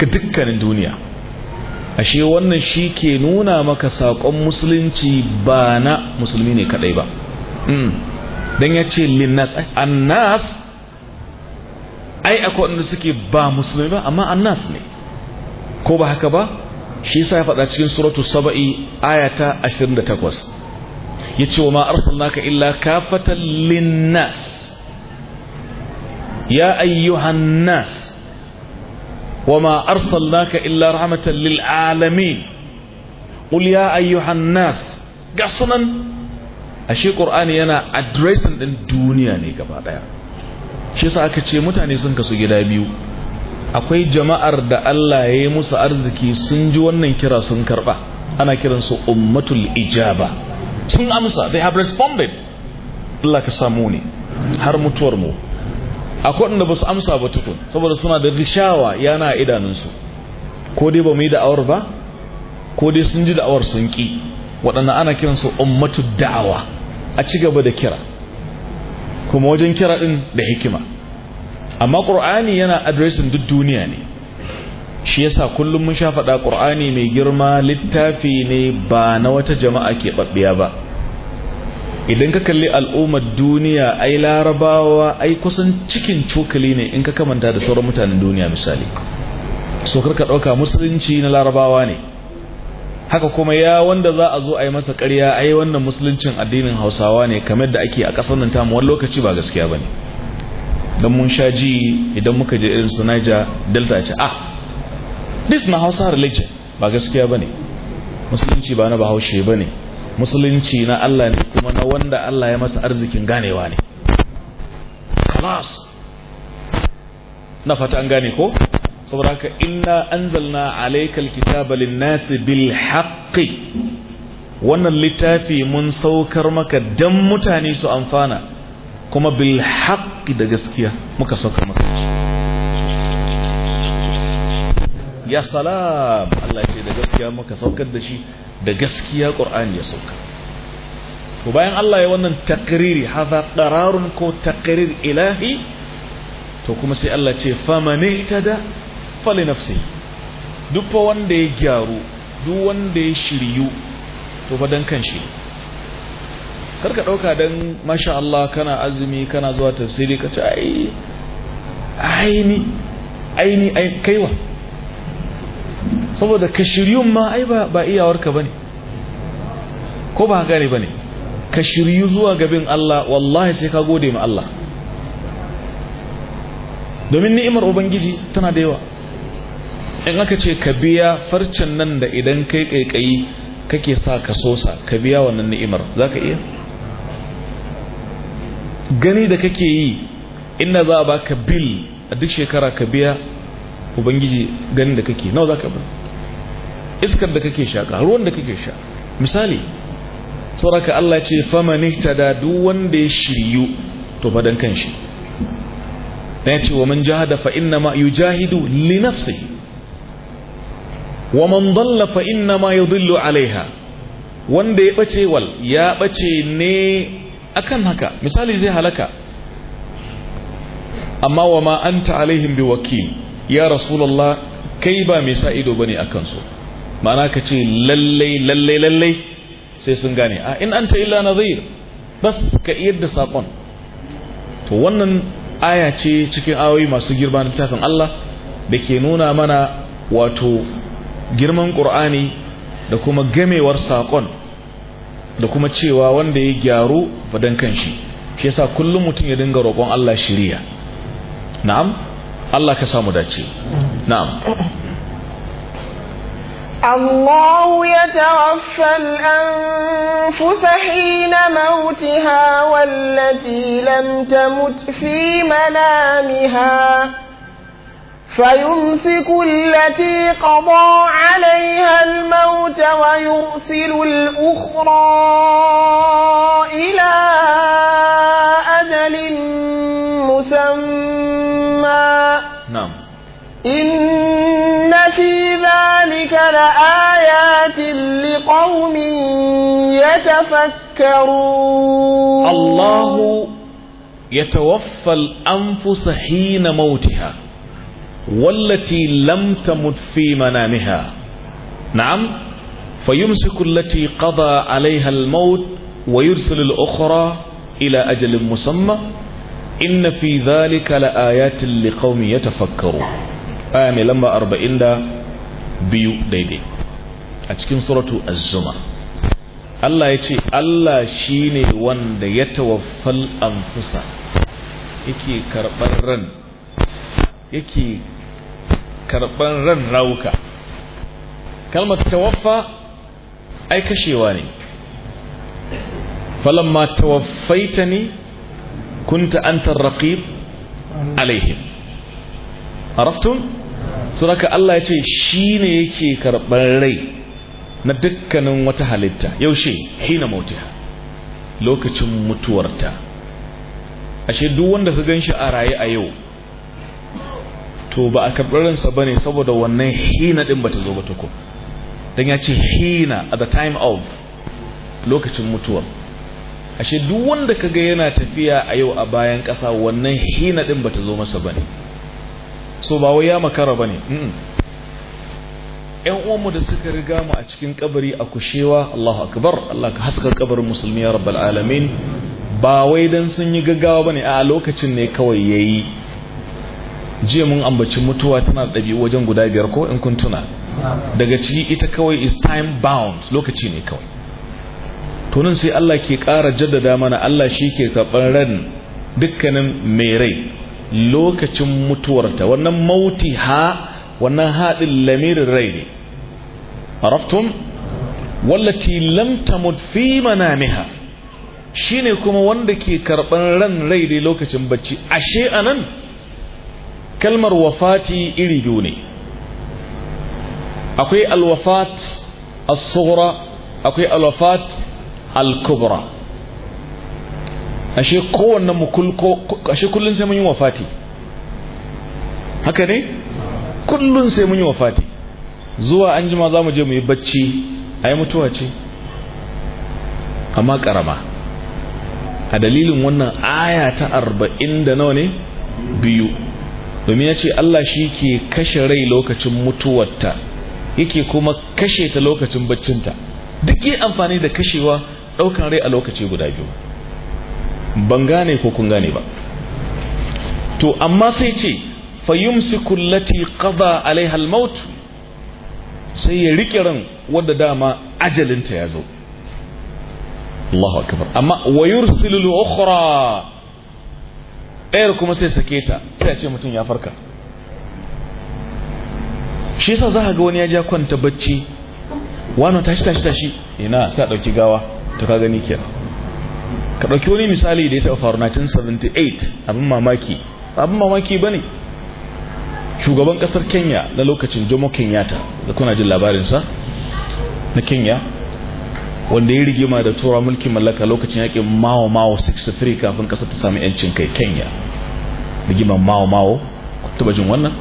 ga dukkanin duniya ashe wannan shi ke nuna maka saƙon musulunci ba na musulmi ne kaɗai ba hmm. dan ya ce linnas annas ai akwai wanda suke ba musulmi ba amma annas ne ko ba haka ba shi yasa ya faɗa cikin suratu saba'i ayata 28 yace wa ma arsalnaka illa kafatan linnas ya ayyuhan nas wa ma arsalnaka illa rahmatan lil alamin qul ya ayyuhan nas ga sunan ashe ƙur'ani yana addressing ɗin duniya ne gaba daya shi yasa aka ce mutane sun kasu gida biyu akwai jama'ar da Allah ya yi musu arziki sun ji wannan kira sun karba ana kiransu ummatul ijaba sun amsa they have responded Allah ka samu ne har mutuwar mu akwai wanda ba su amsa ba tukun saboda suna da rishawa yana idanunsu ko dai ba mu yi da'awar ba ko dai sun ji da'awar sun ki waɗanda ana kiransu ummatul da'awa a ci gaba da kira kuma wajen kira ɗin da hikima amma ƙur'ani yana adresin duk duniya ne shi yasa kullum mun sha faɗa ƙur'ani mai girma littafi ne ba na wata jama'a ke ɓaɓɓiya ba idan ka kalli al'ummar duniya ai larabawa ai kusan cikin cokali ne in ka kamanta da sauran mutanen duniya misali so karka ɗauka musulunci na larabawa ne haka kuma ya wanda za a zo a yi masa ƙarya yi wannan musuluncin addinin hausawa ne kamar da ake a ƙasar nan tamu wani lokaci ba gaskiya ba ne don mun sha ji idan muka je irin su niger delta ce ah this na hausa religion ba gaskiya ba ne musulunci ba na bahaushe ba ne musulunci na allah ne kuma na wanda allah ya masa arzikin ganewa ne na fata an gane ko saboda haka inna anzalna alaikal kitaba lin bil wannan littafi mun saukar maka dan mutane su amfana kuma bil da gaskiya muka saukar maka ya salam Allah ce da gaskiya muka saukar da shi da gaskiya Qur'ani ya sauka to bayan Allah ya wannan takriri hadha qararun ko takrir ilahi to kuma sai Allah ce famanita da. fali nafsi duk fa wanda ya gyaru duk wanda ya shiryu to fa dan kan shi karka dauka dan masha Allah kana azumi kana zuwa tafsiri kace ai aini aini kaiwa saboda ka shiryun ma ai ba ba iyawarka ko ba gane bane ka shiryu zuwa gabin Allah wallahi sai ka gode ma Allah domin ni'imar ubangiji tana da yawa in aka ce ka biya farcen nan da idan kai kaikayi kake sa ka sosa ka biya wannan ni'imar za ka iya gani da kake yi inda za a baka bil a duk shekara ka biya ubangiji gani da kake nawa za ka bi iskar da kake shaka ruwan da kake sha misali sauraka Allah ce famani da duk wanda ya shiryu to fadan kanshi Na ya ce wa man jahada fa'in na ma'ayu yujahidu linafsai wa man dalla fa inna ma yadhillu alaiha wanda ya bace wal ya bace ne akan haka misali zai halaka amma wa ma anta alaihim biwakil ya rasulullah kai ba mai sa ido bane akan su ma'ana ka ce lallai lallai lallai sai sun gane a in anta illa nadhir bas ka iyar da sakon to wannan aya ce cikin ayoyi masu girma na tafin Allah da ke nuna mana wato girman ƙur'ani da kuma gamewar saƙon da kuma cewa wanda ya gyaru fadan kanshi shi yasa kullum mutum ya dinga roƙon Allah shiriya na'am Allah ka samu dace na'am الله يتوفى الأنفس حين موتها والتي لم تمت في منامها فيمسك التي قضى عليها الموت ويرسل الأخرى إلى أجل مسمى نعم إن في ذلك لآيات لقوم يتفكرون الله يتوفى الأنفس حين موتها والتي لم تمت في منامها نعم فيمسك التي قضى عليها الموت ويرسل الأخرى إلى أجل مسمى إن في ذلك لآيات لقوم يتفكرون آمي لما أربعين دا بيو ديدي أتكين سورة الزمر الله يتي الله شيني وان يتوفى الأنفس يكي كربرن يكي Karɓar ran rawuka kalmar tawaffa ai kashewa ne falamma tawaffaita ne kunta anta raqib alaihim araftun suraka Allah ya ce shi ne yake karɓar rai na dukkanin wata halitta yaushe hina mautiha lokacin mutuwarta ashe duk wanda ka ganshi a raye a yau to ba a karɓi ransa ba saboda wannan hina ɗin ba ta zo ba ta ko. don ya ce hina at the time of lokacin mutuwa ashe duk wanda kaga yana tafiya a yau a bayan ƙasa wannan hina ɗin ba ta zo masa ba ne so ba wai ya makara ba ne ‘yan uwanmu da suka riga mu a cikin kabari a kushewa Allahu akbar Allah ka haska kabarin musulmi ya rabbal alamin ba wai dan sun yi gaggawa ba ne a lokacin ne kawai ya yi jiya mun ambaci mutuwa tana ɗabi'u wajen guda biyar ko in kun tuna daga ciki ita kawai is time bound lokaci ne kawai Tunin sai Allah ke ƙara jaddada mana Allah shi ke karɓar ran dukkanin mai rai lokacin mutuwarta wannan mauti ha wannan haɗin lamirin rai ne araftum wallati lam tamut fi manamiha shine kuma wanda ke karɓar ran rai ne lokacin bacci ashe anan kalmar wafati iri biyu ne akwai alwafat as-sughra akwai alwafat al-kubra ashe kowanne mu ashe kullun sai mun yi wafati haka ne kullun sai mun yi wafati zuwa anjima zamu je mu yi bacci ai mutuwa ce amma karama a dalilin wannan aya ta arba'in da nawa ne biyu domin ya ce Allah shi ke kashe rai lokacin mutuwarta yake kuma kashe ta lokacin baccinta duk yi amfani da kashewa ɗaukan rai a lokaci guda biyu ban gane ko kun gane ba to amma sai ce fayumsiku lati qada alaiha almaut sai ya riƙe ran wadda dama ajalinta ya zo Allahu akbar amma wayursilu ukhra ɗayar kuma sai sake ta sai a ce mutum ya farka shi yasa za ka ga wani ya ja kwanta bacci wani tashi tashi tashi ina sai a ɗauki gawa to ka gani kenan ka ɗauki wani misali da ya taɓa faru 1978 abin mamaki abin mamaki ba ne shugaban ƙasar kenya na lokacin jomo kenyatta da kuna jin labarinsa na kenya wanda ya rigima da tura mulkin mallaka lokacin yakin mawa mawa 63 kafin ƙasar ta sami 'yancin kai kenya rigiman mawo mawo taba jin wannan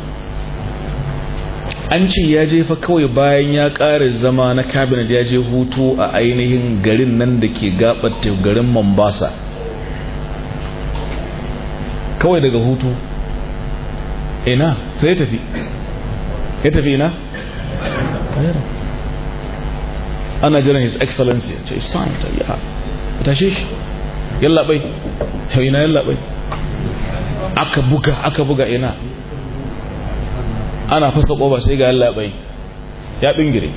an ce ya jefa kawai bayan ya kare zama na cabinet ya je hutu a ainihin garin nan da ke gabar garin mombasa kawai daga hutu ina sai ya tafi ya tafi ina ana jiran his excellency ce istanbul time ta yi ha ta shi yallaɓai yau ina yallaɓai aka buga aka buga ina ana fasa ƙoba sai ga Allah bai ya bingire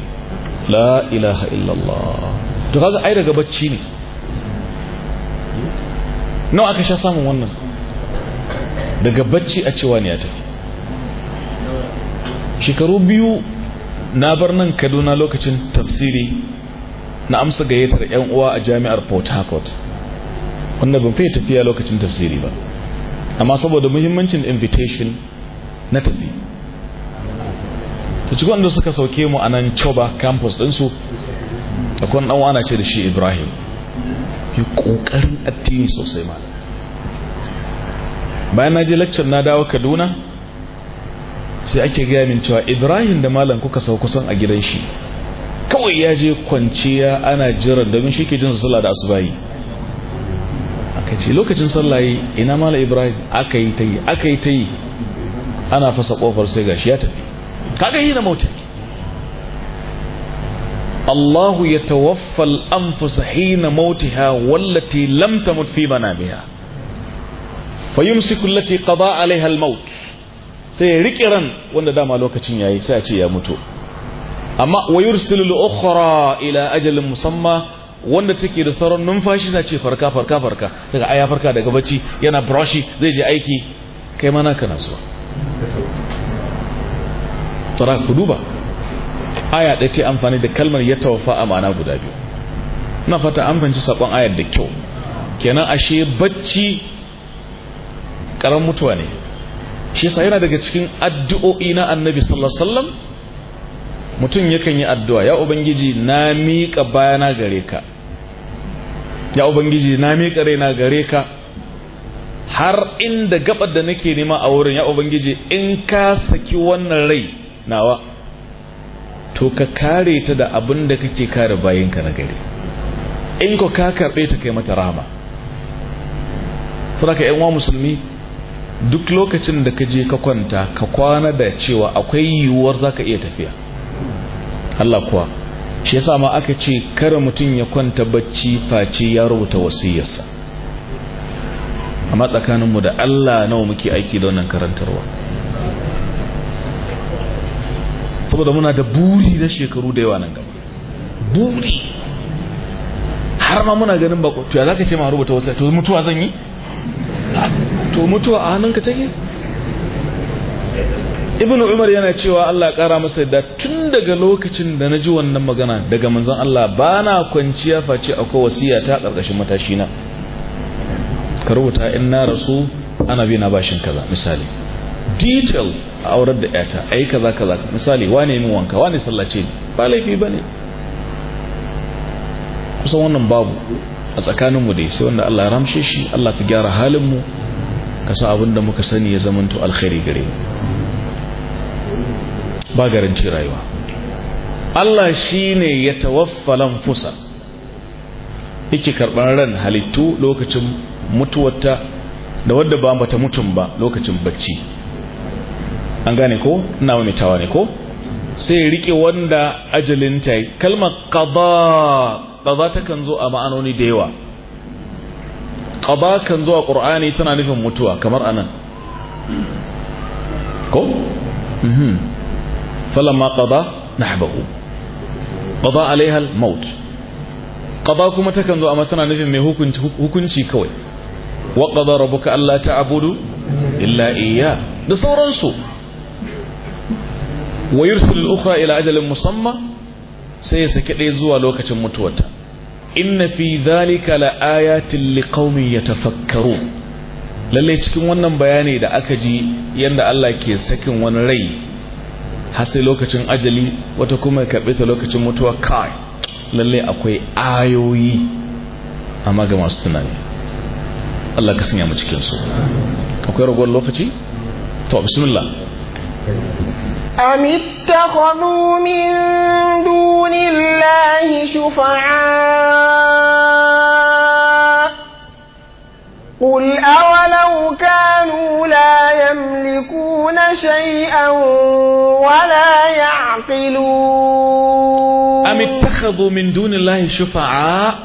la ilaha illallah to kaga ai daga bacci ne nawa aka sha samun wannan daga bacci a cewa ne ya tafi shekaru biyu na bar nan kaduna lokacin tafsiri na amsa gayyatar 'yan uwa a jami'ar port harcourt Wannan ban fiye tafiya lokacin tafsiri ba amma saboda muhimmancin invitation na tafi ta cikin wanda suka sauke mu a nan coba campus ɗinsu akwai ɗan wana ce da shi ibrahim yi ƙoƙarin addini sosai ma bayan na je lakcin na dawo kaduna sai ake gaya min cewa ibrahim da malam kuka sau kusan a gidan shi kawai ya je kwanciya ana jiran domin shi ke jin zula da asubahi ka ce lokacin sallaye ina mala ibrahim akai tai akai tai ana fasa kofar sai gashi ya tafi kaga yi na mota Allah ya al-anfus hina mautaha wallati lam tamut fi manamiha fayumsiku allati qada alaiha al-maut sai ya rike ran wanda dama lokacin yayi sai ya ce ya mutu amma wayursilu al-ukhra ila ajalin musamma wanda take da sauran numfashi na ce farka farka farka daga aya farka daga bacci yana brushi zai je aiki kai ma naka na zuwa tsara ku duba aya ɗaya ta amfani da kalmar ya tawafa a ma'ana guda biyu na fata an fahimci saƙon ayar da kyau kenan ashe bacci ƙaran mutuwa ne shi yana daga cikin addu'o'i na annabi sallallahu alaihi wasallam mutum yakan yi addu'a ya ubangiji na miƙa bayana gare ka ya ubangiji na miƙa raina gare ka har inda gabar da nake nema a wurin ya ubangiji in ka saki wannan rai nawa to ka kare ta da abin da kake kare bayanka na gari in ko ka karɓe ta kai mata rama saboda ka wa musulmi duk lokacin da kaje ka kwanta ka kwana da cewa akwai yiwuwar zaka iya tafiya Allah kuwa shi yasa ma aka ce kare mutum ya kwanta bacci face ya rubuta wasiyarsa amma tsakaninmu da Allah nawa muke aiki da wannan karantarwa saboda muna da buri na shekaru da yawa nan gaba buri har ma muna ganin ba to ya zaka ce ma rubuta wasiyar to mutuwa zan yi to mutuwa a hannunka take ibnu umar yana cewa Allah ya kara masa da tun daga lokacin da na ji wannan magana daga manzon Allah ba na kwanciya face akwai wasiya ta ƙarƙashin matashina ka rubuta in na rasu ana bi na bashin kaza misali detail a aurar da a yi kaza kaza misali wane min wanka wane sallace ni ba laifi bane kusan wannan babu a tsakaninmu dai sai wanda Allah ya ramshe shi Allah ka gyara halinmu ka sa abin da muka sani ya zamanto alkhairi gare mu ba garanci rayuwa Allah shi ne ya tawaffalan fusa yake karɓar ran halittu lokacin mutuwarta da wadda ba mata mutum ba lokacin bacci an gane ko ina wani tawa ne ko sai riƙe wanda ajalinta yi kalmar ƙaba ta kan zo a ma'anoni da yawa ƙaba kan zo a ƙur'ani tana nufin mutuwa kamar anan ko? Mhm. ma ƙaba na haɓa'u qada alaiha al-maut qada kuma takan zo amma tana nufin mai hukunci hukunci kawai wa qada rabbuka alla ta'budu illa iyya da sauransu wa yursil al-ukhra ila ajalin musamma sai ya saki ɗaya zuwa lokacin mutuwarta inna fi dhalika la ayatin liqaumin yatafakkarun lalle cikin wannan bayani da aka ji yanda Allah ke sakin wani rai har sai lokacin ajali wata kuma ya karɓe ta lokacin mutuwa kai lalle akwai ayoyi amma ga masu tunani Allah ka sanya mu cikin su akwai ragowar lokaci to bismillah أم اتخذوا min دون الله شفعاء قل يملكون شيئا ولا يعقلون أم اتخذوا من دون الله شفعاء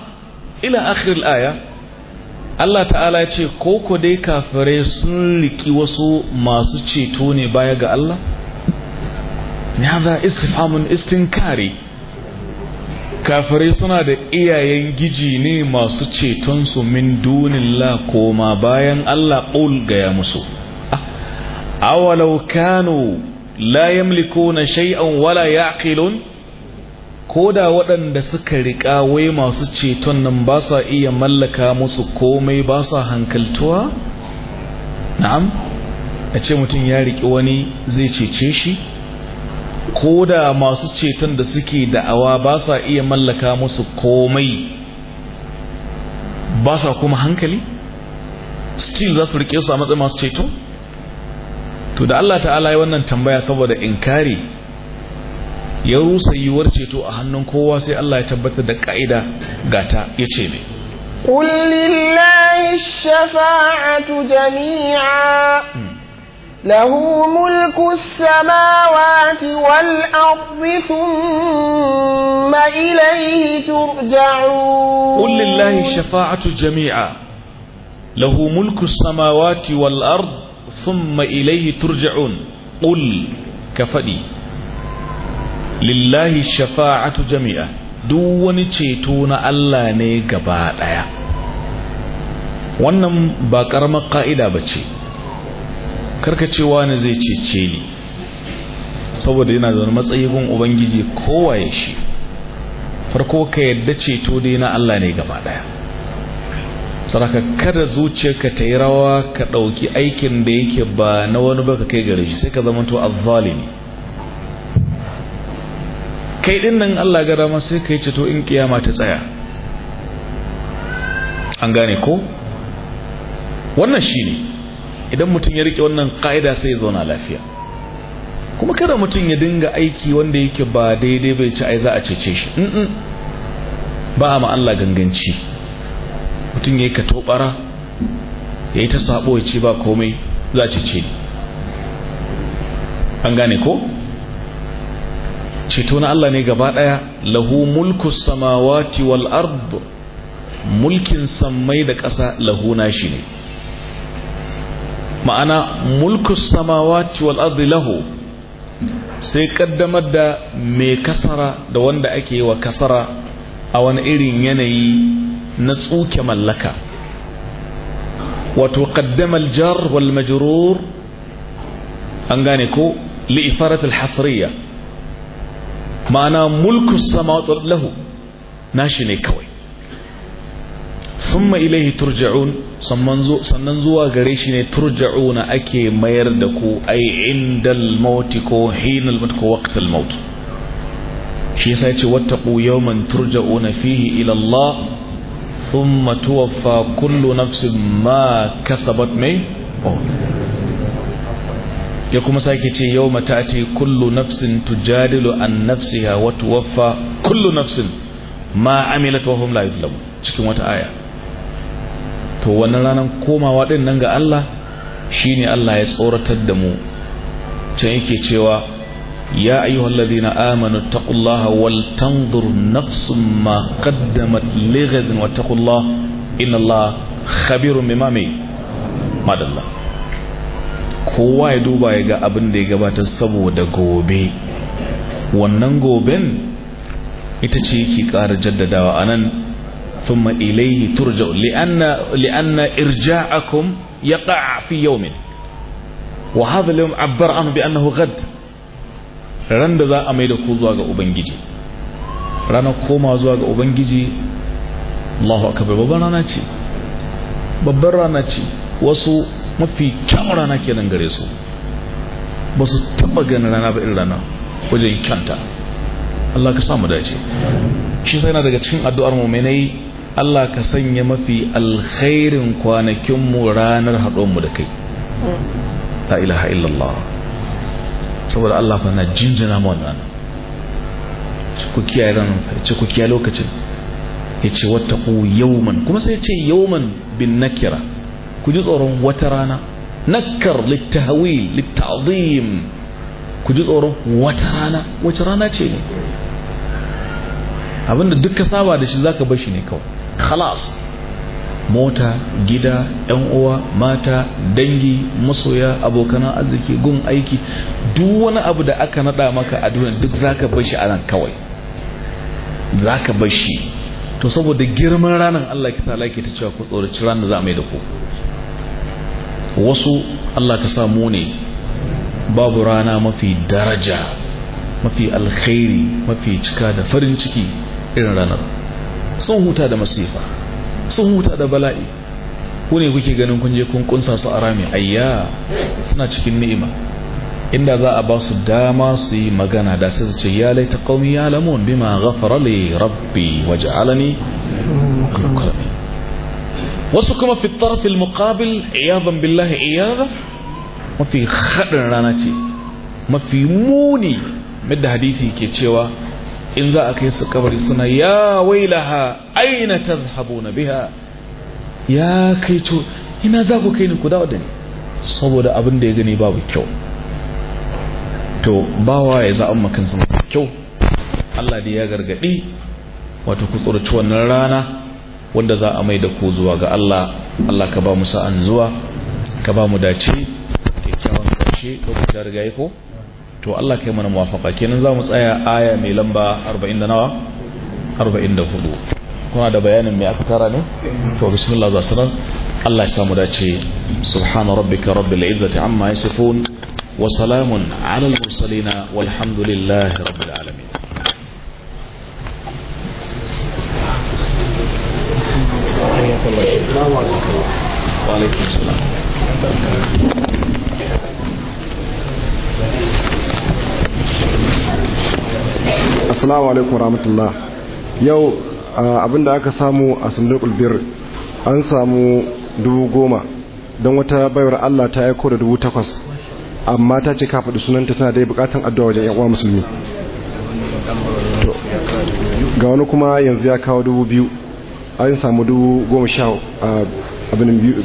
Allah ta'ala ya ce ko ku dai kafirai sun riki wasu masu ceto ne baya ga Allah hadha istifhamun istinkari kafirai suna da iyayen giji ne masu ceton su min dunillah koma bayan Allah qul gaya musu awalau kanu la yamlikuna shay'an wala yaqilun koda waɗanda suka riƙa wai masu ceton nan ba sa iya mallaka musu komai ba sa hankaltuwa na'am a ce mutum ya riƙi wani zai cece shi koda masu ceton da suke da'awa ba sa iya mallaka musu komai ba sa kuma hankali still za su riƙe su a matsayin masu ceto to da Allah ta'ala ya wannan tambaya saboda inkari ya rusa yiwuwar ceto a hannun kowa sai Allah ya tabbatar da ka'ida gata ya ce ne kullillahi shafa'atu jami'a له ملك السماوات والأرض ثم إليه ترجعون قل لله الشفاعة جميعا له ملك السماوات والأرض thumma ilayhi turja'un qul ka faɗi lillahi shafa'atu jami'a duk wani ceto na Allah ne gaba wannan ba ƙaramar ƙa'ida ba ce karkacewa ne zai cece ni saboda yana da matsayi gun ubangiji kowaye shi farko ka yadda ceto dai na Allah ne gaba ɗaya saraka kada zuciyarka ta yi rawa ka ɗauki aikin da yake ba na wani ba ka kai gare shi sai ka zama to azzalimi kai din nan Allah ga dama sai ka yi ceto in kiyama ta tsaya an gane ko wannan shine idan mutum ya rike wannan ka'ida sai ya zauna lafiya kuma kada mutum ya dinga aiki wanda yake ba daidai bai ci ai za a cece shi ba a ma Allah ganganci mutum ya yi ka tobara ya yi ta sabo ya ce ba komai za ce ce an gane ko ceto na Allah ne gaba ɗaya, lahu mulku samawati wal ardu mulkin sammai da ƙasa lahu nashi ne ma'ana mulku samawati wal ardu lahu sai kaddamar da mai kasara da wanda ake yi wa kasara a wani irin yanayi نسوك ملكا وتقدم الجر والمجرور أنغانيكو لإفارة الحصرية معنى ملك السماوات له ناشيني كوي ثم إليه ترجعون سننزوا غريشيني ترجعون أكي ميردكو أي عند الموت كو حين الموت وقت الموت شيء ساتي واتقوا يوما ترجعون فيه إلى الله thumma tuwaffa kullu nafsin ma kasabat mai ya kuma sake ce yau mata ce kullu nafsin tujadilu an nafsiha wa tuwaffa kullu nafsin ma amilat wa hum la yuzlamu cikin wata aya to wannan ranar komawa din nan ga Allah shine Allah ya tsoratar da mu can yake cewa يا أيها الذين آمنوا اتقوا الله ولتنظر نفس ما قدمت لغد واتقوا الله إن الله خبير بما مي ما الله كوا ya duba ya ga abin da ya gabatar saboda gobe wannan goben ita ثم إليه ترجع لأن, لأن إرجاعكم يقع في يوم وهذا اليوم عبر عنه بأنه غد ran da za a mai da ku zuwa ga ubangiji ranar koma zuwa ga ubangiji allahu akabar babban rana ce babban rana ce wasu mafi kyan rana kenan gare su ba su taba ganin rana ba irin rana wajen kyanta allah ka samu dace shi sai na daga cikin addu'ar nayi Allah ka sanya mafi alkhairin kwanakinmu ranar haɗonmu da kai la ilaha illallah saboda Allah fa na jinjina mu wannan ku ran ce lokacin yace wattaqu yawman kuma sai yace yawman bin nakira ku ji tsoron wata rana nakkar litahwil litazim ku ji tsoron wata rana wace rana ce ne abinda duk ka saba da shi zaka bar shi ne kawai khalas mota gida yan uwa mata dangi masoya abokan arziki gun aiki duk wani abu da aka nada maka a duniya duk zaka bar shi a kawai zaka bar shi to saboda girman ranar Allah ki ta'ala ke ta cewa ku tsoraci ranar za a mai da ku wasu Allah ka mu ne babu rana mafi daraja mafi alkhairi mafi cika da farin ciki irin ranar sun huta da masifa sun huta da bala'i ku ne kuke ganin kun je kun kunsa su a rami ayya suna cikin ni'ima inda za a ba su dama su yi magana da sai su ce ya laita qaumi ya lamun bima ghafara li rabbi waj'alani mukarrami wasu kuma fi tarfi al-muqabil iyadan billahi iyada mafi hadin rana ce mafi muni madda hadisi ke cewa in za a kai su kabari suna ya wailaha aina tazhabuna biha ya kai to ina za ku kai ni ku dawo da ni saboda abin da ya gani babu kyau to bawa ya za'an makansa mafi kyau Allah da ya gargadi wato ku tsorci wannan rana wanda za a mai da ku zuwa ga Allah Allah ka ba mu sa'an zuwa ka ba mu dace kyakkyawan karshe lokaci riga yi ko to Allah kai mana muwafaka kenan za mu tsaya aya mai lamba 40 da nawa 44 kuna da bayanin mai aka tara ne to bismillah za su nan Allah ya samu dace subhana rabbika rabbil izzati amma yasifun wa salamun ala al mursalin walhamdulillahi rabbil alamin wa alaikum assalamu alaikum rahmatullah yau abinda aka samu a sandukul bir an samu dubu goma don wata baiwar Allah ta aiko da dubu takwas amma ta ce kafa da sunanta tana da bukatan addu'a wajen yan uwa musulmi ga wani kuma yanzu ya kawo dubu biyu an samu dubu goma sha abinin biyu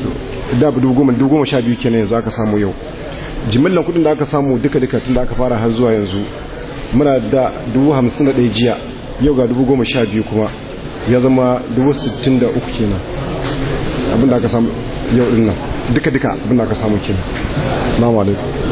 da dubu goma dubu goma sha biyu kenan yanzu aka samu yau jimillan kudin da aka samu duka duka tun da aka fara har zuwa yanzu muna da dubu hamsin da jiya yau ga dubu goma sha biyu kuma ya zama dubu sittin da uku kenan abin da aka samu yau din nan duka-duka abin da aka samu kenan assalamu alaikum